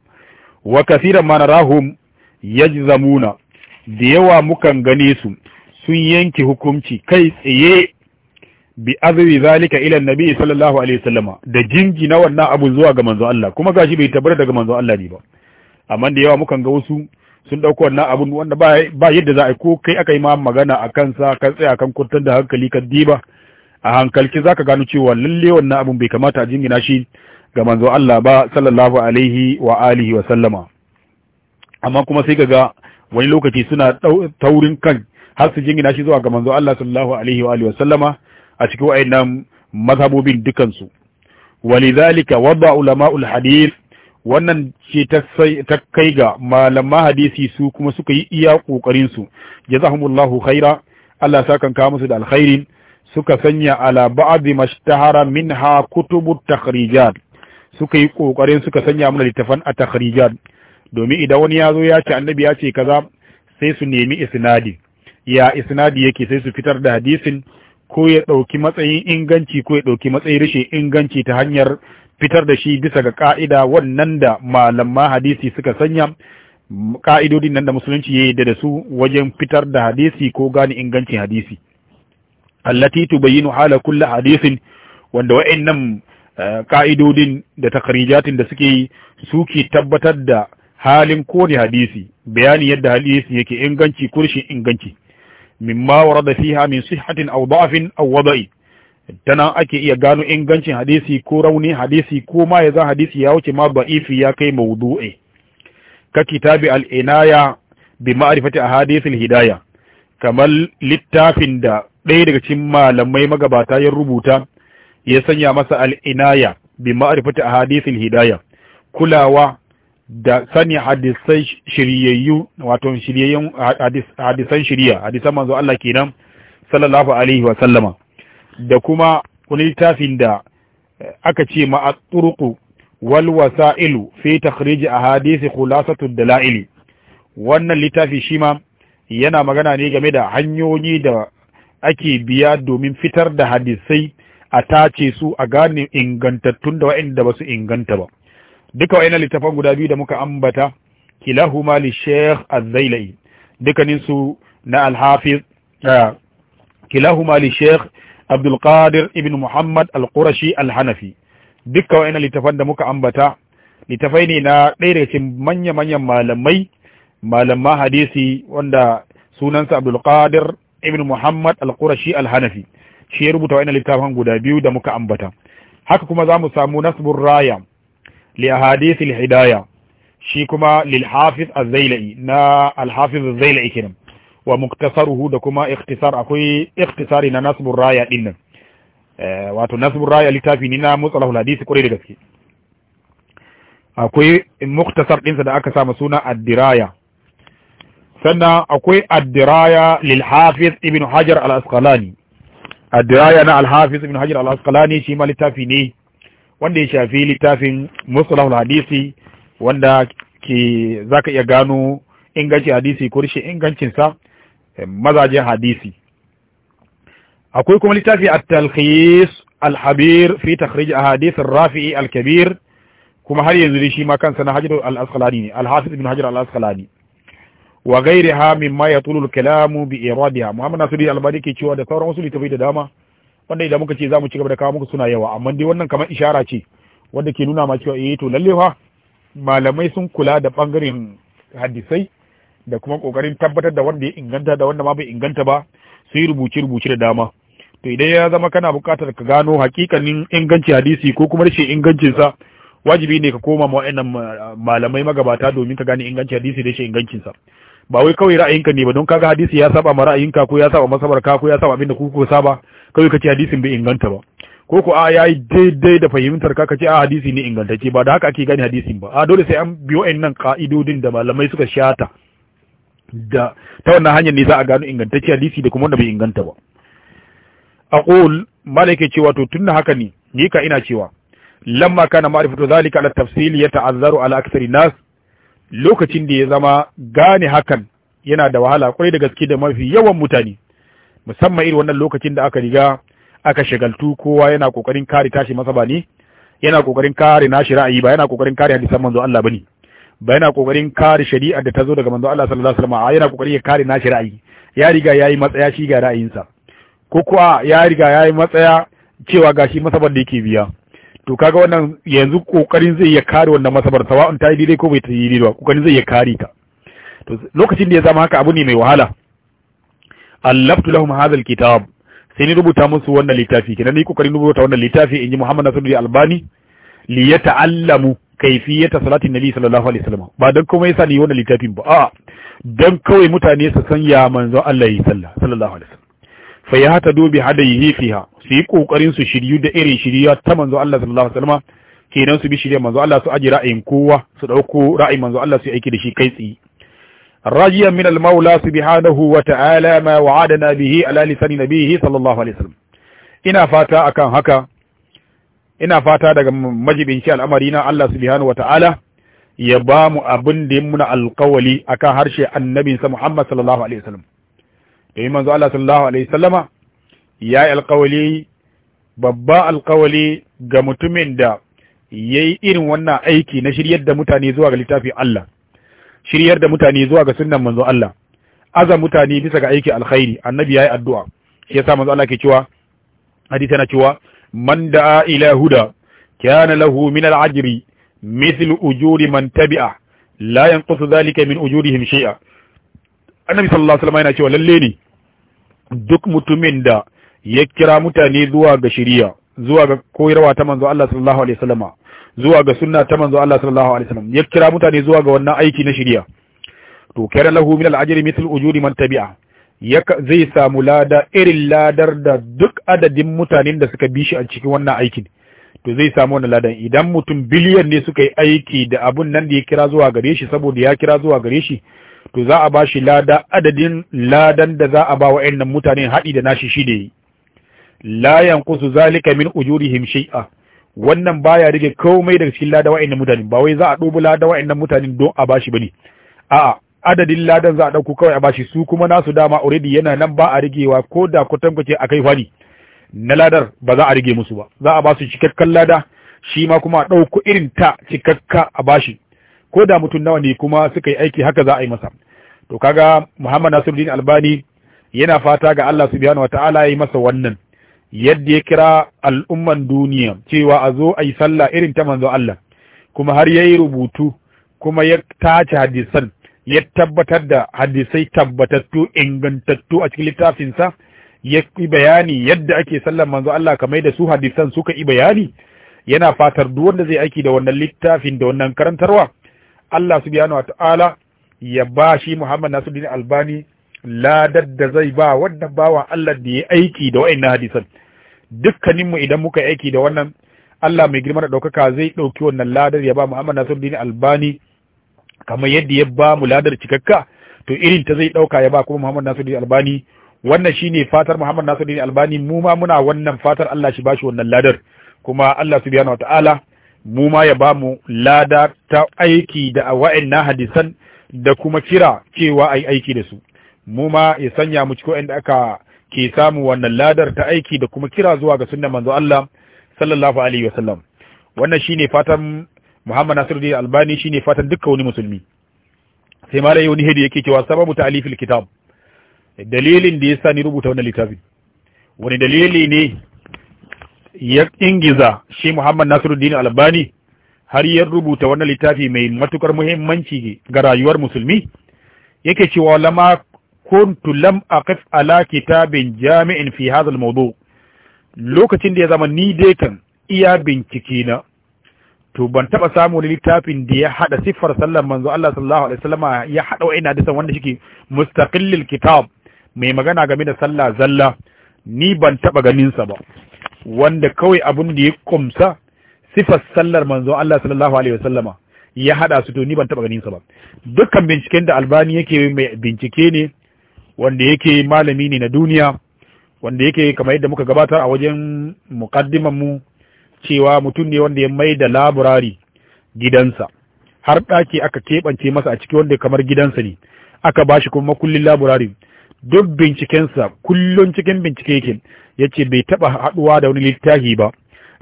wa kasiran ma narahum yajzamuna da yawa mukan gane su sun yanke hukunci kai tsaye bi azri zalika ila nabi sallallahu alaihi wasallama da jinji na wannan abu zuwa ga manzo Allah kuma gashi bai tabbata daga manzo Allah ne ba amma da yawa mukan ga wasu sun ɗauko wannan abun wanda ba yadda za a yi ko kai aka yi ma magana a kansa kan tsaya kan kwantar da hankali kan diba a hankalci zaka gano cewa lalle wannan abun bai kamata a jingina shi ga manzo Allah ba sallallahu alaihi wa alihi wa sallama amma kuma sai kaga wani lokaci suna taurin kan har su jingina shi zuwa ga manzo Allah sallallahu alaihi wa alihi wa sallama a cikin wayannan mazhabobin dukansu ولذلك وضع علماء الحديث wannan ce ta kai ga malaman hadisi su kuma suka yi iya ƙoƙarinsu su jazahumullahu haira Allah sa kan kawo musu da alkhairi suka sanya ala ba'd mashtahara ha kutubu takhrijat suka yi ƙoƙarin suka sanya mana littafan a takhrijat domin idan wani ya zo ya ce annabi ya ce kaza sai su nemi isnadi ya isnadi yake sai su fitar da hadisin ko ya ɗauki matsayin inganci ko ya ɗauki matsayin rashin inganci ta hanyar fitar da shi bisa ga ka'ida wannan da malamma hadisi suka sanya ka'idodin nan da musulunci ya yadda da su wajen fitar da hadisi ko gane ingancin hadisi allati tubayyinu hala kulli hadisin wanda wa'annan eh, ka'idodin da takarijatin da suke yi suke tabbatar da halin kowane hadisi bayani yadda hadisi yake inganci kurshin inganci mimma warada fiha min sihhatin aw da'fin aw wada'i ta nan ake iya gano ingancin hadisi ko rauni hadisi ko ma ya za hadisi ya wuce ma ba'ifi ya kai maudu'i ka kitabi al'inaya bi ma'arifati ahadithil hidaya kamar littafin da ɗaya daga cikin malamai magabata ya rubuta ya sanya masa al'inaya bi ma'arifati ahadithil hidaya kulawa da sani hadisan shiryayyu wato shiryayyun hadisan shirya hadisan manzo Allah kenan sallallahu alaihi wa sallama da kuma wani littafin da eh, aka ce ma a turku wal wasa'ilu fi takhrij kulasatu khulasatu dalaili wannan littafi shi ma yana magana ne game da hanyoyi da ake biya domin fitar da hadisai a tace su a gane ingantattun da waɗanda ba su inganta ba duka waɗannan littafan guda biyu da muka ambata kilahuma li sheikh az-zailai dukkanin su na al-hafiz eh, kilahuma li abdulkadir ibn muhammad al alhanafi al-hanafi dukka wa'ina littafan da muka ambata littafai ne na ɗaya daga cikin manya-manyan malamai malaman hadisi wanda sunansa abdulkadir ibn muhammad al alhanafi al-hanafi shi ya rubuta wa'ina littafan guda biyu da muka ambata haka kuma za mu samu nasbur raya li ahadith hidaya shi kuma lil hafiz az na alhafiz hafiz az kenan wa muktasaruhu da kuma ikhtisar akwai ikhtisari na nasbur raya din nan eh, wato nasbur raya littafi ne na mutsalahul hadisi kure da gaske akwai muktasar ɗinsa da aka samu suna addiraya sannan akwai addiraya lil hafiz ibn hajar al-asqalani addiraya na al-hafiz ibn hajar al-asqalani shi ma littafi ne wanda ya shafi littafin musalahul hadisi wanda ke zaka iya gano ingancin hadisi ko rishin ingancinsa mazajen hadisi akwai kuma littafi a talkhis al-habir fi takhrij ahadith ar-rafi'i al-kabir kuma har yanzu shi ma kansa na hajar al-asqalani ne al-hafiz ibn hajar al-asqalani wa ghayriha mimma yatulu al kalam bi iradiha muhammad nasiri al-albani ke cewa da sauran wasu littafai da dama wanda idan muka ce zamu ci gaba da kawo muku suna yawa amma dai wannan kamar ishara ce wanda ke nuna ma cewa eh to lalle malamai sun kula da bangaren hadisai da kuma kokarin tabbatar da wanda ya inganta da wanda ma bai inganta ba sai rubuce rubuce da dama to idan ya zama kana buƙatar ka gano hakikanin ingancin hadisi ko kuma rashin ingancin sa wajibi ne ka koma ma malamai magabata domin ka gane ingancin hadisi da rashin ingancin sa ba wai kawai ra'ayinka ne ba don kaga hadisi ya saba ma ra'ayinka ko ya saba masabar ka ko ya saba abinda ku saba kawai kace hadisin bai inganta ba ko ko a yayi daidai da fahimtar ka kace a hadisi ne ingantacce ba da haka ake gani hadisin ba a dole sai an biyo nan ka'idodin da malamai suka shata da ta wannan hanyar ne za a gano ingantacce hadisi da kuma wanda bai inganta ba a aqul malaka cewa to tunda haka ne ni ka ina cewa lamma kana ma'rifatu zalika ala tafsil ta'azzaru ala aksari nas lokacin da ya zama gane hakan yana da wahala kwarai da gaske da mafi yawan mutane musamman irin wannan lokacin da aka riga aka shagaltu kowa yana kokarin kare tashi masa ba ne yana kokarin kare nashi ra'ayi ba yana kokarin kare hadisan manzo Allah bane ba yana kokarin kare shari'ar da ta zo daga manzo Allah sallallahu alaihi wasallam yana kokari ya kare nashi ra'ayi ya riga yayi matsaya shi ga ra'ayinsa ko kuwa ya riga yayi matsaya cewa gashi masabar da yake biya to kaga wannan yanzu kokarin zai ya kare wannan masabar sawa'un ta yi daidai ko bai ta yi daidai ba kokarin zai ya kare ta to lokacin da ya zama haka abu ne mai wahala allaftu lahum hadha kitab sai ni rubuta musu wannan littafi kenan ni kokarin rubuta wannan littafi in ji Muhammad Nasiruddin Albani li yata'allamu kaifiyata salatin nabi sallallahu alaihi wasallam ba dan komai yasa ni wannan littafin ba A'a dan kawai mutane su san ya manzon Allah yi sallah sallallahu alaihi wasallam fa ya hata dubi hadayihi fiha su yi kokarin su shiryu da irin shiriya ta manzon Allah sallallahu alaihi wasallam kenan su bi shirya manzon Allah su aji ra'ayin kowa su dauko ra'ayin manzon Allah su yi aiki da shi kai tsaye راجيا من المولى سبحانه وتعالى ما وعدنا به على لسان نبيه صلى الله عليه وسلم ina fata akan haka ina fata daga majibinci al'amari na Allah subhanahu wata'ala ya ba mu abin da ya muna alkawali akan harshe annabinsa Muhammad sallallahu alaihi wasallam domin manzo Allah sallallahu alaihi wasallama ya yi alkawali babba alkawali ga mutumin da ya yi irin wannan aiki na shiryar da mutane zuwa ga littafin Allah shiryar da mutane zuwa ga sunnan manzo Allah aza mutane bisa ga aiki alkhairi annabi ya yi addu'a shi yasa manzo Allah ke cewa hadisi yana cewa من دعا إلى هدى كان له من العجر مثل أجور من تبعه لا ينقص ذلك من أجورهم شيئا annabi sallallahu alaihi wasallam yana cewa lalle ne duk mutumin da ya kira mutane zuwa ga shari'a zuwa ga koyarwa ta manzo Allah sallallahu alaihi wasallama zuwa ga sunna ta Allah sallallahu alaihi wasallam ya kira mutane zuwa ga wannan aiki na shari'a to kana man tabi'a zai samu lada irin ladar da duk adadin mutanen da suka bi shi a cikin wannan aikin to zai samu wani ladan idan mutum biliyan ne suka yi aiki da abun nan da ya kira zuwa gare shi saboda ya kira zuwa gare shi to za a ba shi lada adadin ladan da za a ba wa 'yan mutanen haɗi da nashi shi da yi layan kusu zalika min him shi'a wannan baya rike komai daga cikin lada wa'annan mutanen ba wai za a ɗubu lada wa'annan mutanen don a ba shi bane a'a adadin ladan za a ɗauko kawai a bashi su kuma nasu dama already yana nan ba a rigewa ko da kwatankwace a kai fari na ladar ba za a rige musu ba za a basu cikakken lada shi ma kuma a ɗauko irin ta cikakka a bashi ko da mutum nawa ne kuma suka yi aiki haka za a yi masa to kaga Muhammad Nasiruddin Albani yana fata ga Allah subhanahu ya yi masa wannan yadda ya kira al'umman duniya cewa a zo a yi sallah irin ta manzo Allah kuma har yayi rubutu kuma ya tace hadisan ya tabbatar da hadisai tabbatattu ingantattu a cikin littafinsa ya yi bayani yadda ake sallar manzo Allah ka mai da su hadisan suka yi bayani yana fatar duk wanda zai aiki da wannan littafin da wannan karantarwa Allah subhanahu wa ta'ala ya ba shi Muhammad Nasiruddin Albani ladar da zai ba wanda bawa Allah da ya aiki da wa'annan hadisan dukkaninmu idan muka aiki da wannan Allah mai girma da ɗaukaka zai ɗauki wannan ladar ya ba Muhammad Nasiruddin Albani kamar yadda ya ba mu ladar cikakka to irin ta zai ɗauka ya ba kuma Muhammad Nasiruddin Albani wannan shine fatar Muhammad Nasiruddin Albani mu ma muna wannan fatar Allah shi bashi wannan ladar kuma Allah subhanahu ta'ala mu ma ya ba mu lada ta aiki da wa'annan hadisan da kuma kira cewa ai aiki da su mu ma ya sanya mu cikin da aka ke samu wannan ladar ta aiki da kuma kira zuwa ga sunnan manzo Allah sallallahu alaihi wasallam wannan shine fatan Muhammad Nasiruddin Albani shine fatan dukkan wani musulmi sai malai wani hedi yake cewa sababu ta'lifil kitab dalilin da yasa ni rubuta wannan littafi wani dalili ne ya ingiza shi Muhammad Nasiruddin Albani har ya rubuta wannan littafi mai matukar muhimmanci ga rayuwar musulmi yake cewa lama kuntu lam aqif ala kitabin jami'in fi hadha al-mawdu' lokacin da ya zama ni dai kan iya bincike na to ban taba samu littafin da ya haɗa siffar sallar manzo Allah sallallahu alaihi wasallama ya hada wa'in hadisan wanda shike mustaqillil kitab mai magana game da sallah zalla ni ban taba ganin sa ba wanda kawai abun da ya kumsa sifar sallar manzo Allah sallallahu alaihi wasallama ya haɗa su to ni ban taba ganin sa ba dukkan binciken da Albani yake mai bincike ne wanda yake malami ne na duniya wanda yake kamar yadda muka gabatar a wajen muqaddiman mu cewa mutum ne wanda ya mai da laburari gidansa har ɗaki aka keɓance masa a ciki wanda kamar gidansa ne aka ba shi kuma makullin laburari duk bincikensa kullum cikin bincike yake ya ce bai taɓa haɗuwa da wani littafi ba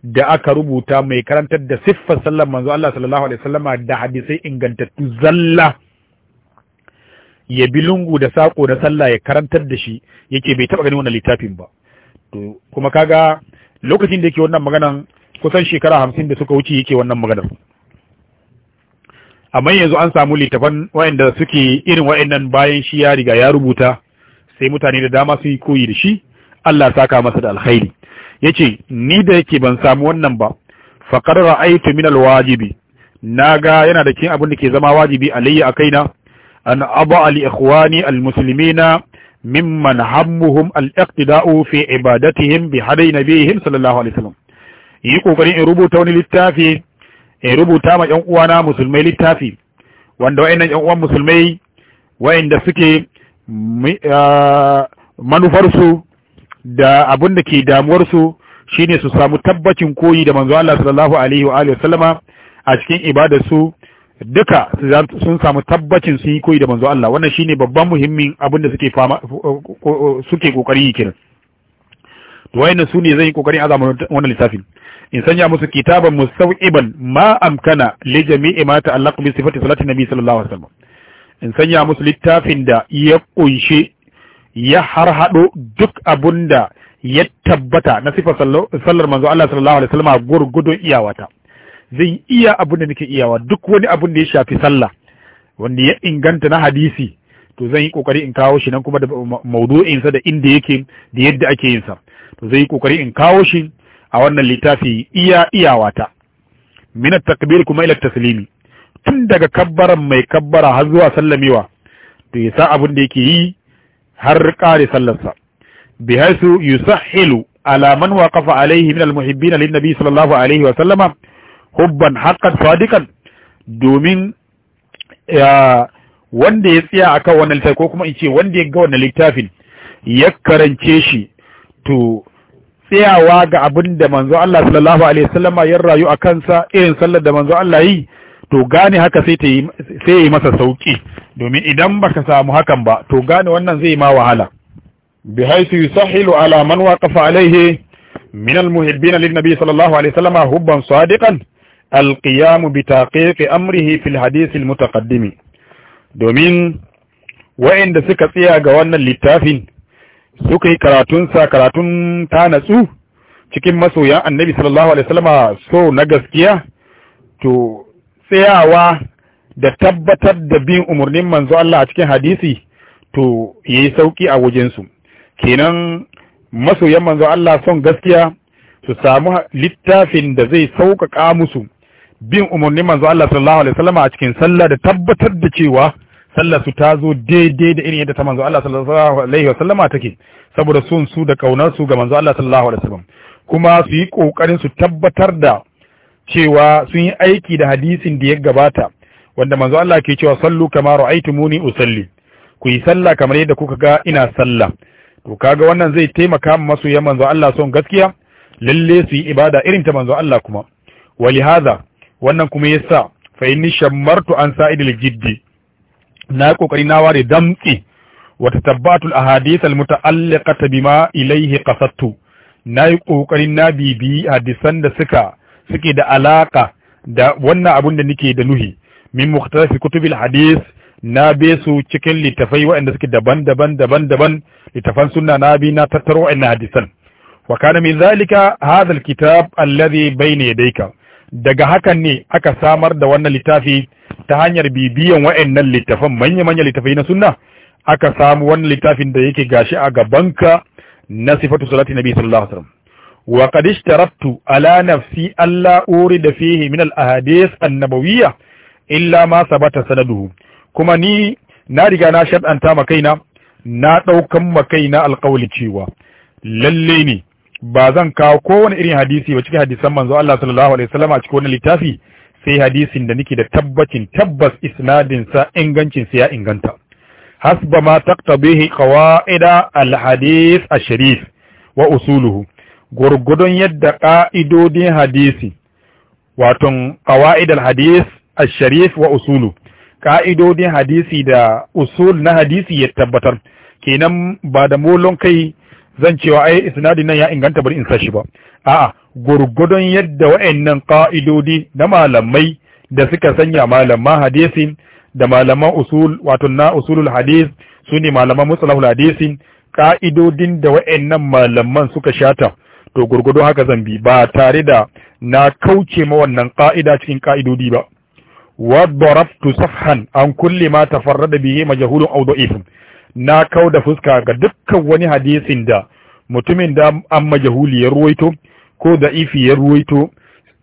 da aka rubuta mai karantar da siffar sallar manzo Allah sallallahu alaihi wasallama da hadisai ingantattu zalla ya bi lungu da sako na sallah ya karantar da shi yake bai taɓa ganin wannan littafin ba to kuma kaga lokacin da yake wannan maganan kusan shekara hamsin da suka wuce yake wannan maganar amma yanzu an samu littafan wayanda suke irin wayannan bayan shi ya riga ya rubuta sai mutane da dama sun yi koyi da shi Allah saka masa da alkhairi yace ni da yake ban samu wannan ba faqad ra'aytu min alwajibi naga yana da kin abin da ke zama wajibi alayya akaina an aba li ikhwani almuslimina mimman hammuhum al-iqtida'u fi ibadatihim bi hadi nabiyihim sallallahu alaihi wasallam yi kokarin in rubuta wani littafi in rubuta ma ƴan uwana musulmai littafi wanda wayannan ƴan uwan musulmai wayanda suke manufarsu da abin da ke damuwarsu shine su samu tabbacin koyi da manzo Allah sallallahu alaihi wa alihi wasallama a cikin ibadarsu duka sun samu tabbacin sun yi koyi da manzo Allah wannan shine babban muhimmin abin da suke fama suke kokari kenan to wayannan su ne zan yi kokarin azama wannan lissafin in sanya musu kitaban musawiban ma amkana li jami'i ma ta'allaqu bi sifati salati nabi sallallahu alaihi wasallam in sanya musu littafin da ya kunshi ya harhado duk abunda ya tabbata na sifar sallar manzo Allah sallallahu alaihi wasallam gurgudo iyawata zan iya abun da nake iyawa duk wani abun da ya shafi sallah wanda ya inganta na hadisi to zan yi kokari in kawo shi nan kuma da maudu'insa da inda yake da yadda ake yin sa Zai yi kokari in kawo shi a wannan littafi iya iyawata min takbir kuma ila taslimi tun daga kabbaran mai kabbara har zuwa sallamewa to yasa abin da yake yi har kare sallarsa bi haisu yusahhilu ala man waqafa alaihi min al-muhibbin sallallahu alaihi wa sallama hubban haqqan sadiqan domin wanda ya tsaya akan wannan littafi ko kuma in ce wanda ya ga wannan littafin ya karance shi wato tsayawa ga abin da manzo Allah sallallahu alaihi wasallama ya rayu a kansa irin sallar da manzo Allah yi to gane haka sai ta sai yi masa sauki domin idan baka samu hakan ba to gane wannan zai ma wahala bi haisu yusahilu ala man waqafa alaihi min almuhibbin linnabi sallallahu alaihi wasallama hubban sadiqan alqiyam bi taqiqi amrihi fil hadith almutaqaddim domin wa'inda suka tsaya ga wannan littafin suka yi karatun sa karatun ta natsu cikin masoyan annabi sallallahu alaihi wasallama so na gaskiya to tsayawa da tabbatar da bin umarnin manzo Allah a cikin hadisi to yayi sauki a wajensu kenan masoyan manzo Allah son gaskiya su samu littafin da zai sauƙaƙa musu bin umarnin manzo Allah sallallahu alaihi wasallama a cikin sallah da tabbatar da cewa sallar su ta zo daidai da irin yadda ta manzo Allah sallallahu alaihi wasallama take saboda sun su da kaunar su ga manzo Allah sallallahu alaihi wasallam kuma su yi kokarin su tabbatar da cewa sun yi aiki da hadisin da ya gabata wanda manzo Allah ke cewa sallu kama ra'aytumuni usalli ku yi sallah kamar yadda kuka ga ina sallah to kaga wannan zai taimaka masu ya manzo Allah son gaskiya lalle su yi ibada irin ta manzo Allah kuma wali wannan kuma yasa fa inni shammartu an sa'idil jiddi na ƙoƙari na ware damtsi a tatabbatul ahadith ta muta'alliqata bima ilaihi qasadtu na yi kokarin na bibi hadisan da suka suke da alaka da wannan abun da nake da nuhi min mukhtalafi kutubil hadis na be su cikin littafai waɗanda suke daban-daban daban-daban littafan sunna na bi na tattaro waɗannan hadisan wa kana min zalika hadha alkitab alladhi bayna yadayka daga hakan ne aka samar da wannan littafi ta hanyar bibiyan wa'annan littafan manya-manya littafai na sunna aka samu wannan littafin da yake gashi a gabanka na sifatu salati nabi sallallahu alaihi wa qad ishtaraftu ala nafsi alla da fihi min al ahadith annabawiyya illa ma sabata sanaduhu kuma ni na riga na shar'anta ma kaina na daukan ma kaina alqawli cewa lalle ne ba zan kawo kowane irin hadisi ba cikin hadisan manzo Allah sallallahu alaihi wasallam a cikin wannan littafi sai hadisin da nake da tabbacin tabbas isnadin sa ingancin sa ya inganta hasba ma taqtabihi qawaida al-hadith sharif wa usuluhu gurgudun yadda ƙa'idodin hadisi waton qawaid al-hadith sharif wa usulu ƙa'idodin hadisi da usul na hadisi ya tabbatar kenan ba da molon kai zan cewa ai isnadin nan ya inganta bari in sa ba a'a gurgudun yadda wa'annan ka'idodi na malamai da suka sanya malaman hadisin da malaman usul wato na usulul hadis sune malaman musalahul hadisin ka'idodin da wa'annan malaman suka shata to gurgudu haka zan bi ba tare da na kauce ma wannan ka'ida cikin ka'idodi ba wa darabtu safhan an kulli ma tafarrada bihi majhulun aw da'ifun na kau da fuska ga dukkan wani hadisin da mutumin da an majahuli ya ruwaito ko da ifi ya ruwaito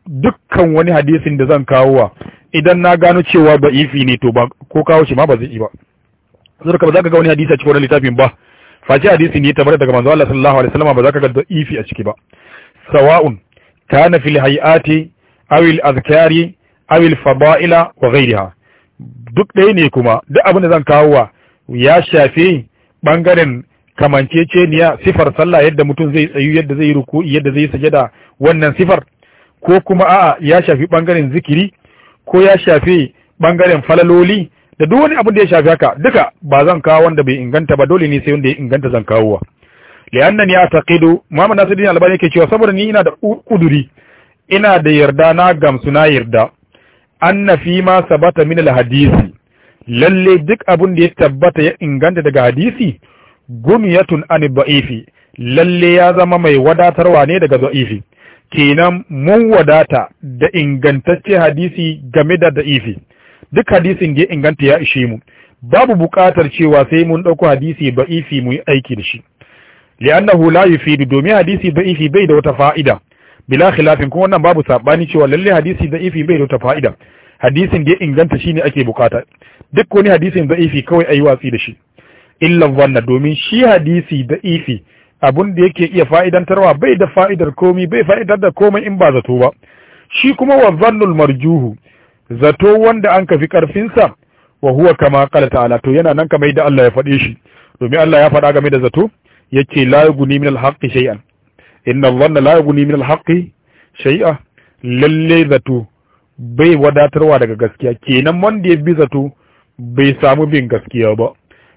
dukkan wani hadisin da zan kawowa idan na gano cewa ba ifi ne to ba ko kawo shi ma ba zai yi ba zurka ba za ka ga wani hadisi a cikin wani littafin ba face hadisi ne tabbata daga manzo Allah sallallahu alaihi wasallam ba za ka ga da ifi a ciki ba sawa'un kana fil hayati aw al azkari aw al fada'ila wa ghayriha duk dai ne kuma duk abin da zan kawowa ya shafi bangaren kamanceceniya sifar sallah yadda mutum zai tsayu yadda zai ruku yadda zai sajada wannan sifar ko kuma a'a ya shafi bangaren zikiri ko ya shafi bangaren falaloli da duk wani abin da ya shafi haka duka ba zan kawo wanda bai inganta ba dole ne sai wanda ya inganta zan kawo wa li'annan ya taqidu Muhammad Nasiruddin Albani yake cewa saboda ni ina da kuduri ina da yarda na gamsu na yarda anna fi ma sabata min alhadisi lalle duk abin da ya tabbata ya inganta daga hadisi gumiyatun an ba'ifi. lalle ya zama mai wadatarwa ne daga za'ifi kenan mun wadata da ingantacce hadisi game da da'ifi duk hadisin da ya inganta ya ishe mu babu buƙatar cewa sai mun ɗauko hadisi ba'ifi mu yi aiki da shi li'annahu la yufidu domin hadisi ba'ifi bai da wata fa'ida bila khilafin kuma wannan babu sabani cewa lalle hadisi da'ifi bai da wata fa'ida hadisin da ya inganta shine ake bukata duk wani hadisin da'ifi kawai ayi watsi da shi illa wanna domin shi hadisi da'ifi abun da yake iya fa'idantarwa bai da fa'idar komai bai fa'idar da komai in ba zato ba shi kuma wa zannul marjuhu zato wanda an kafi karfinsa wa huwa kama qala ta'ala to yana nan kamar da Allah ya faɗe shi domin Allah ya faɗa game da zato yake la yughni min al-haqqi shay'an inna dhanna la yughni min al shay'a lalle zato bai wadatarwa daga gaskiya kenan wanda ya bi zato bai samu bin gaskiya ba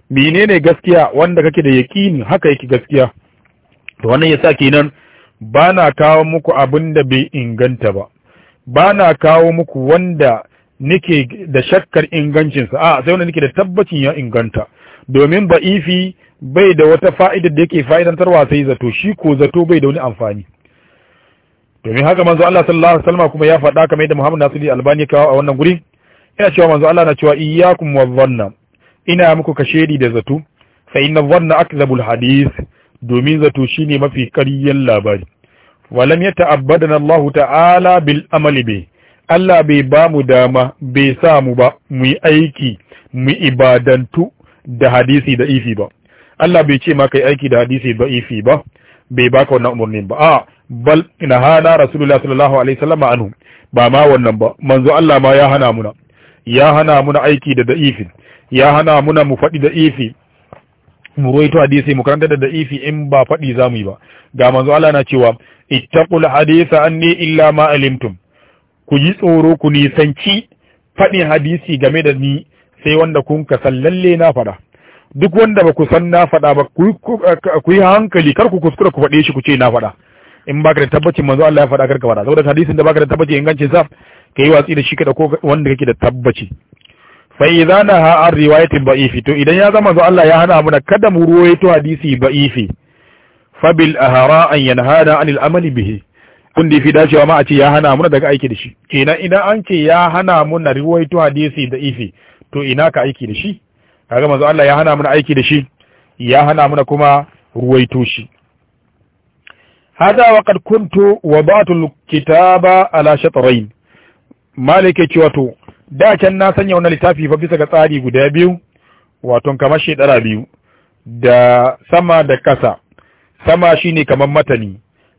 menene gaskiya wanda kake da yakini haka yake gaskiya to wannan yasa kenan ba na kawo muku abin da bai inganta ba ba na kawo muku wanda nake da shakkar ingancinsa a sai wanda nake da tabbacin ya inganta domin ba ifi bai da wata fa'idar da yake fa'idantarwa sai zato shi ko zato bai da wani amfani domin haka manzo Allah sallallahu alaihi wasallam kuma ya faɗa kamar yadda Muhammad Nasiri Albani kawo a wannan guri ina cewa manzo Allah na cewa iyyakum wadhanna ina muku kashedi da zato fa inna dhanna akdhabul hadith domin zato shine mafi ƙaryen labari walam yata'abbadana Allah ta'ala bil amali bi Allah bai ba mu dama bai sa mu ba mu yi aiki mu ibadantu da hadisi da ifi ba Allah bai ce ma kai aiki da hadisi da ifi ba bai baka wannan umarnin ba a bal ina hana rasulullahi sallallahu alaihi wasallam anhu ba ma wannan ba manzo Allah ma ya hana muna ya hana muna aiki da da'ifi ya hana muna mu faɗi da'ifi mu roito hadisi mu karanta da da'ifi in ba faɗi zamu yi ba ga manzo Allah na cewa ittaqul hadisa anni illa ma alimtum ku ji tsoro ku nisanci faɗin hadisi game da ni sai wanda kun ka sallalle na faɗa duk wanda ba ku san na faɗa ba ku yi hankali kar ku kuskura ku faɗe shi ku ce na faɗa in baka da tabbacin manzo Allah ya faɗa karka faɗa saboda hadisin da baka da tabbaci ingancin sa yi watsi da shi kada ko wanda kake da tabbaci fa idza naha ar riwayatin ba'ifi to idan ya zama manzo Allah ya hana mu da kada mu ruwaito hadisi ba'ifi fa bil ahra an yanhana al amali bihi kun da fi dacewa ma a ce ya hana muna daga aiki da shi kenan idan an ce ya hana muna riwaito hadisi da ifi to ina ka aiki da shi kaga manzo Allah ya hana muna aiki da shi ya hana muna kuma ruwaito shi hada wa qad kuntu wada'tu kitaba ala shatrayn malike ce wato da can na sanya wannan littafi fa bisa ga tsari guda biyu wato kamar shedara biyu da sama da kasa sama shine kamar matani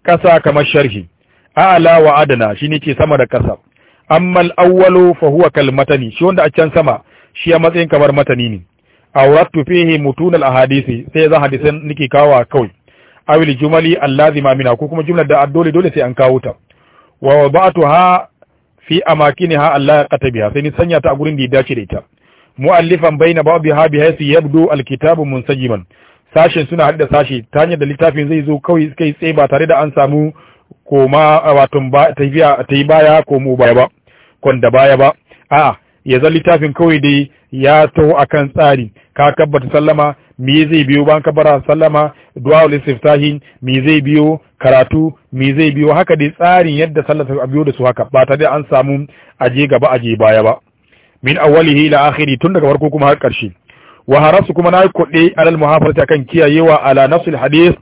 kasa kamar sharhi a'la wa adana shine ce sama da kasa amma al-awwalu fa huwa kal matani shi wanda a can sama shi a matsayin kamar matani ne awrattu fihi mutun al-ahadisi sai za hadisan nake kawo kawai awil jumali allazima mina ko kuma jumlar da dole dole sai an kawo ta wa ha fi amakinha Allah katabiha sai ni sanya ta a gurin da ya dace da ita mu'allifan baina babiha bi haythu yabdu alkitabu munsajiman sashen suna hadda sashi ta hanyar da littafin zai zo kawai kai tsaye ba tare da an samu koma wato ba ta yi baya ko mu baya ba kon da baya ba a'a ya littafin kawai dai ya taho akan tsari ka tabbata sallama me zai biyo bayan kabara sallama du'a ul istiftahin me zai biyo karatu me zai biyo haka dai tsarin yadda sallata a biyo da su haka ba ta dai an samu aje gaba aje baya ba min awwalihi ila akhiri tun daga farko kuma har karshe wa harasu kuma na kuɗe alal muhafazati akan kiyayewa ala nafsil hadith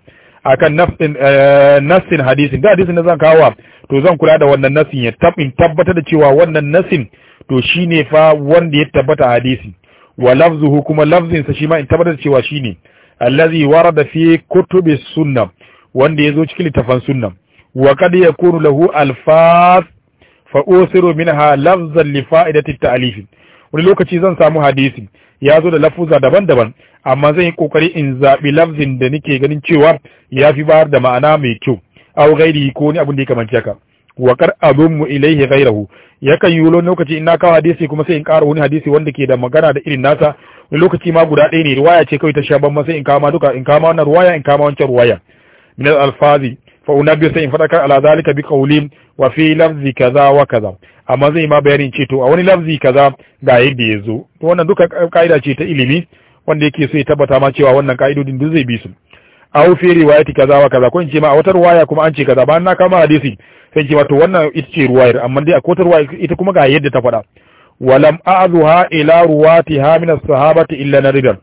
akan nasin eh, hadisin da hadisin da zan kawo to zan kula da wannan nassin ya tabbata da cewa wannan nasin to shine fa wanda ya tabbata hadisi wa lafzuhu kuma lafzinsa shi ma in tabbatar cewa shine allazi warada fi kutubi sunna wanda ya zo cikin littafan sunna wa kad yakunu lahu alfaz fa usiru minha lafzan li fa'idati ta'alifi wani lokaci zan samu hadisi ya zo da lafuza daban-daban amma zan yi kokari in zaɓi lafzin da nake ganin cewa ya fi bayar da ma'ana mai kyau aw gairi ko ni abin da ya kamanci haka wa kar mu ilaihi ghairahu yakan yi lokaci ina na kawo hadisi kuma sai in ƙara wani hadisi wanda ke da magana da irin nasa wani lokaci ma guda ɗaya ne riwaya ce kawai ta shaban ma sai in kama duka in kama wannan riwaya in kama wancan riwaya min alfazi fa unabbi sai in fadakar ala zalika bi qawlin wa fi lafzi kaza wa kaza amma zai ma bayanin ce to a wani lafzi kaza ga yadda ya zo to wannan duka ka'ida ce ta ilimi wanda yake so ya tabbata ma cewa wannan ka'idodin duk zai bi su aw fi riwayati kaza wa kaza ko in ce ma a wata riwaya kuma an ce kaza ba na kama hadisi sai ce wato wannan ita ce riwayar amma dai akwai riwaya ita kuma ga yadda ta faɗa walam a'zuha ila ruwatiha min as-sahabati illa naridan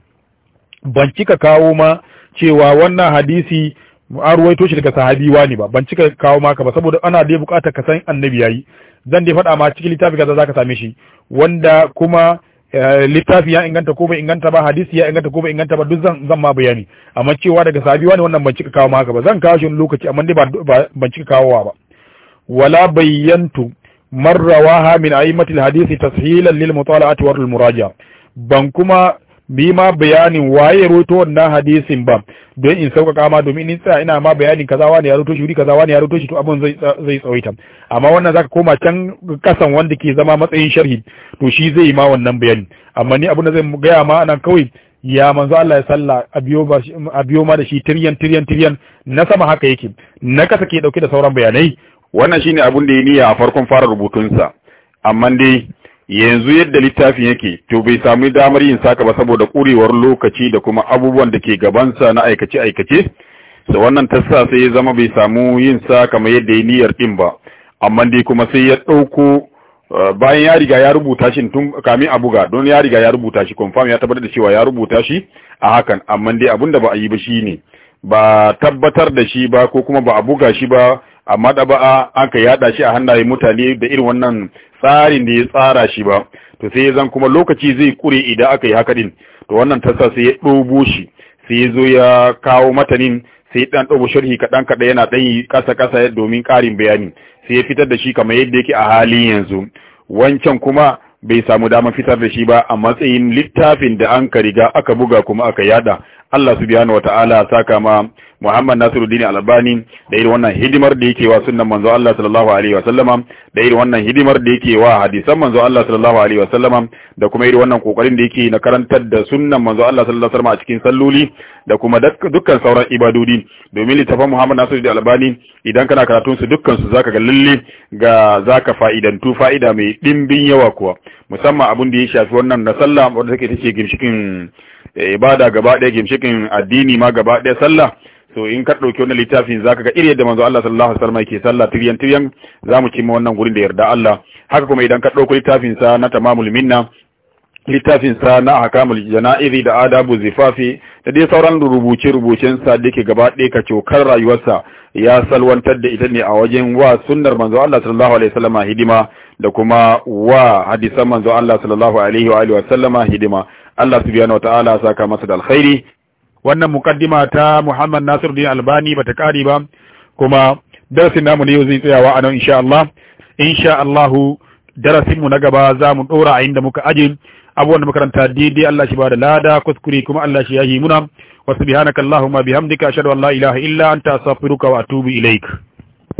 ban cika kawo ma cewa wannan hadisi a ruwaito shi daga sahabi wani ba ban cika kawo maka ba saboda ana dai bukatar ka san annabi yayi zan dai faɗa ma cikin littafi kaza zaka same shi wanda kuma Eh, littafi ya inganta ko bai inganta ba hadisi ya inganta ko bai inganta ba duk zan zan ma bayani amma cewa daga sahabi wani wannan ban cika kawo ma haka ba zan kawo shi lokaci amma dai ba ban cika kawowa ba wala bayyantu man rawaha min a'immatil hadisi tashilan lil mutala'ati wal muraja ban kuma bi ma bayanin waye ya roto wannan hadisin ba don in sauƙaƙa ma domin in tsaya ina ma bayanin kaza wani ya roto shi wuri kaza wani ya roto shi to abin zai zai tsawaita amma wannan zaka koma can kasan wanda ke zama matsayin sharhi to shi zai ma wannan bayanin. amma ni abin da zai gaya ma anan kawai ya manzo Allah ya salla a biyo ma da shi tiryan tiryan tiryan na sama haka yake na kasa ke dauke da sauran bayanai wannan shine abin da ya niyya a farkon fara rubutunsa amma dai yanzu yadda littafin yake to bai sami damar yin saka ba saboda kurewar lokaci da kuma abubuwan da ke gabansa na aikace aikace da wannan sa sai ya zama bai samu yin sa kamar yadda ya niyyar din ba amma dai kuma sai ya ɗauko eh, bayan ya riga ya rubuta shi tun kamin a buga don ya riga ya rubuta shi confirm ya tabbatar da cewa ya rubuta shi a hakan amma dai abin da ba a yi ba shi ne ba tabbatar da shi ba ko kuma ba a buga shi ba amma an ka yada shi a hannayen mutane da irin wannan tsarin da ya tsara shi ba to sai zan kuma lokaci zai kure idan aka yi haka din to wannan tasa sai ya ɗobo shi sai ya zo ya kawo matanin sai dan ɗobo sharhi kaɗan kaɗai yana ɗan yi kasa ƙasa domin karin bayani sai ya fitar da shi kamar yadda yake a halin yanzu wancan kuma bai samu damar fitar da shi ba a matsayin littafin da an ka riga aka buga kuma aka yada Allah subhanahu wataala saka ma Muhammad Nasiruddin Albani da irin wannan hidimar da yake wa sunnan manzo Allah sallallahu alaihi wa sallama da irin wannan hidimar da yake wa hadisan manzo Allah sallallahu alaihi wa sallama da kuma irin wannan kokarin da yake na karantar da sunnan manzo Allah sallallahu alaihi wa sallama a cikin salloli da kuma dukkan sauran ibadodi domin littafin Muhammad Nasiruddin Albani idan kana karatun su dukkan su zaka ga lalle ga zaka fa'idantu fa'ida mai dimbin yawa kuwa musamman abin da ya shafi wannan na sallah wanda take take gimshikin eh, ibada gaba ɗaya gimshikin addini ma gaba ɗaya sallah so in ka ɗauki wannan littafin zaka ga iri yadda manzo Allah sallallahu alaihi wasallam yake sallah tiryan tiryan mu cimma wannan gurin da yarda Allah haka kuma idan ka ɗauki littafin sa na tamamul minna littafin sa na ahkamul jana'izi da adabu zifafi da dai sauran rubuce rubucen sa dake gaba ɗaya ka cokar rayuwarsa ya salwantar da ita ne a wajen wa sunnar manzo Allah sallallahu alaihi wasallam hidima da kuma wa hadisan manzo Allah sallallahu alaihi wa alihi wasallam hidima Allah subhanahu ta'ala saka masa da alkhairi wannan mukaddima ta Muhammad Nasiruddin Albani bata kare ba kuma darasin namu ne yau zai tsayawa a nan insha Allah insha darasin mu na gaba za mu dora a inda muka aje abubuwan da makaranta daidai Allah shi ba da lada kuskure kuma Allah shi yahi muna wa subhanaka allahumma bihamdika ashhadu an la ilaha illa anta astaghfiruka wa atubu ilaik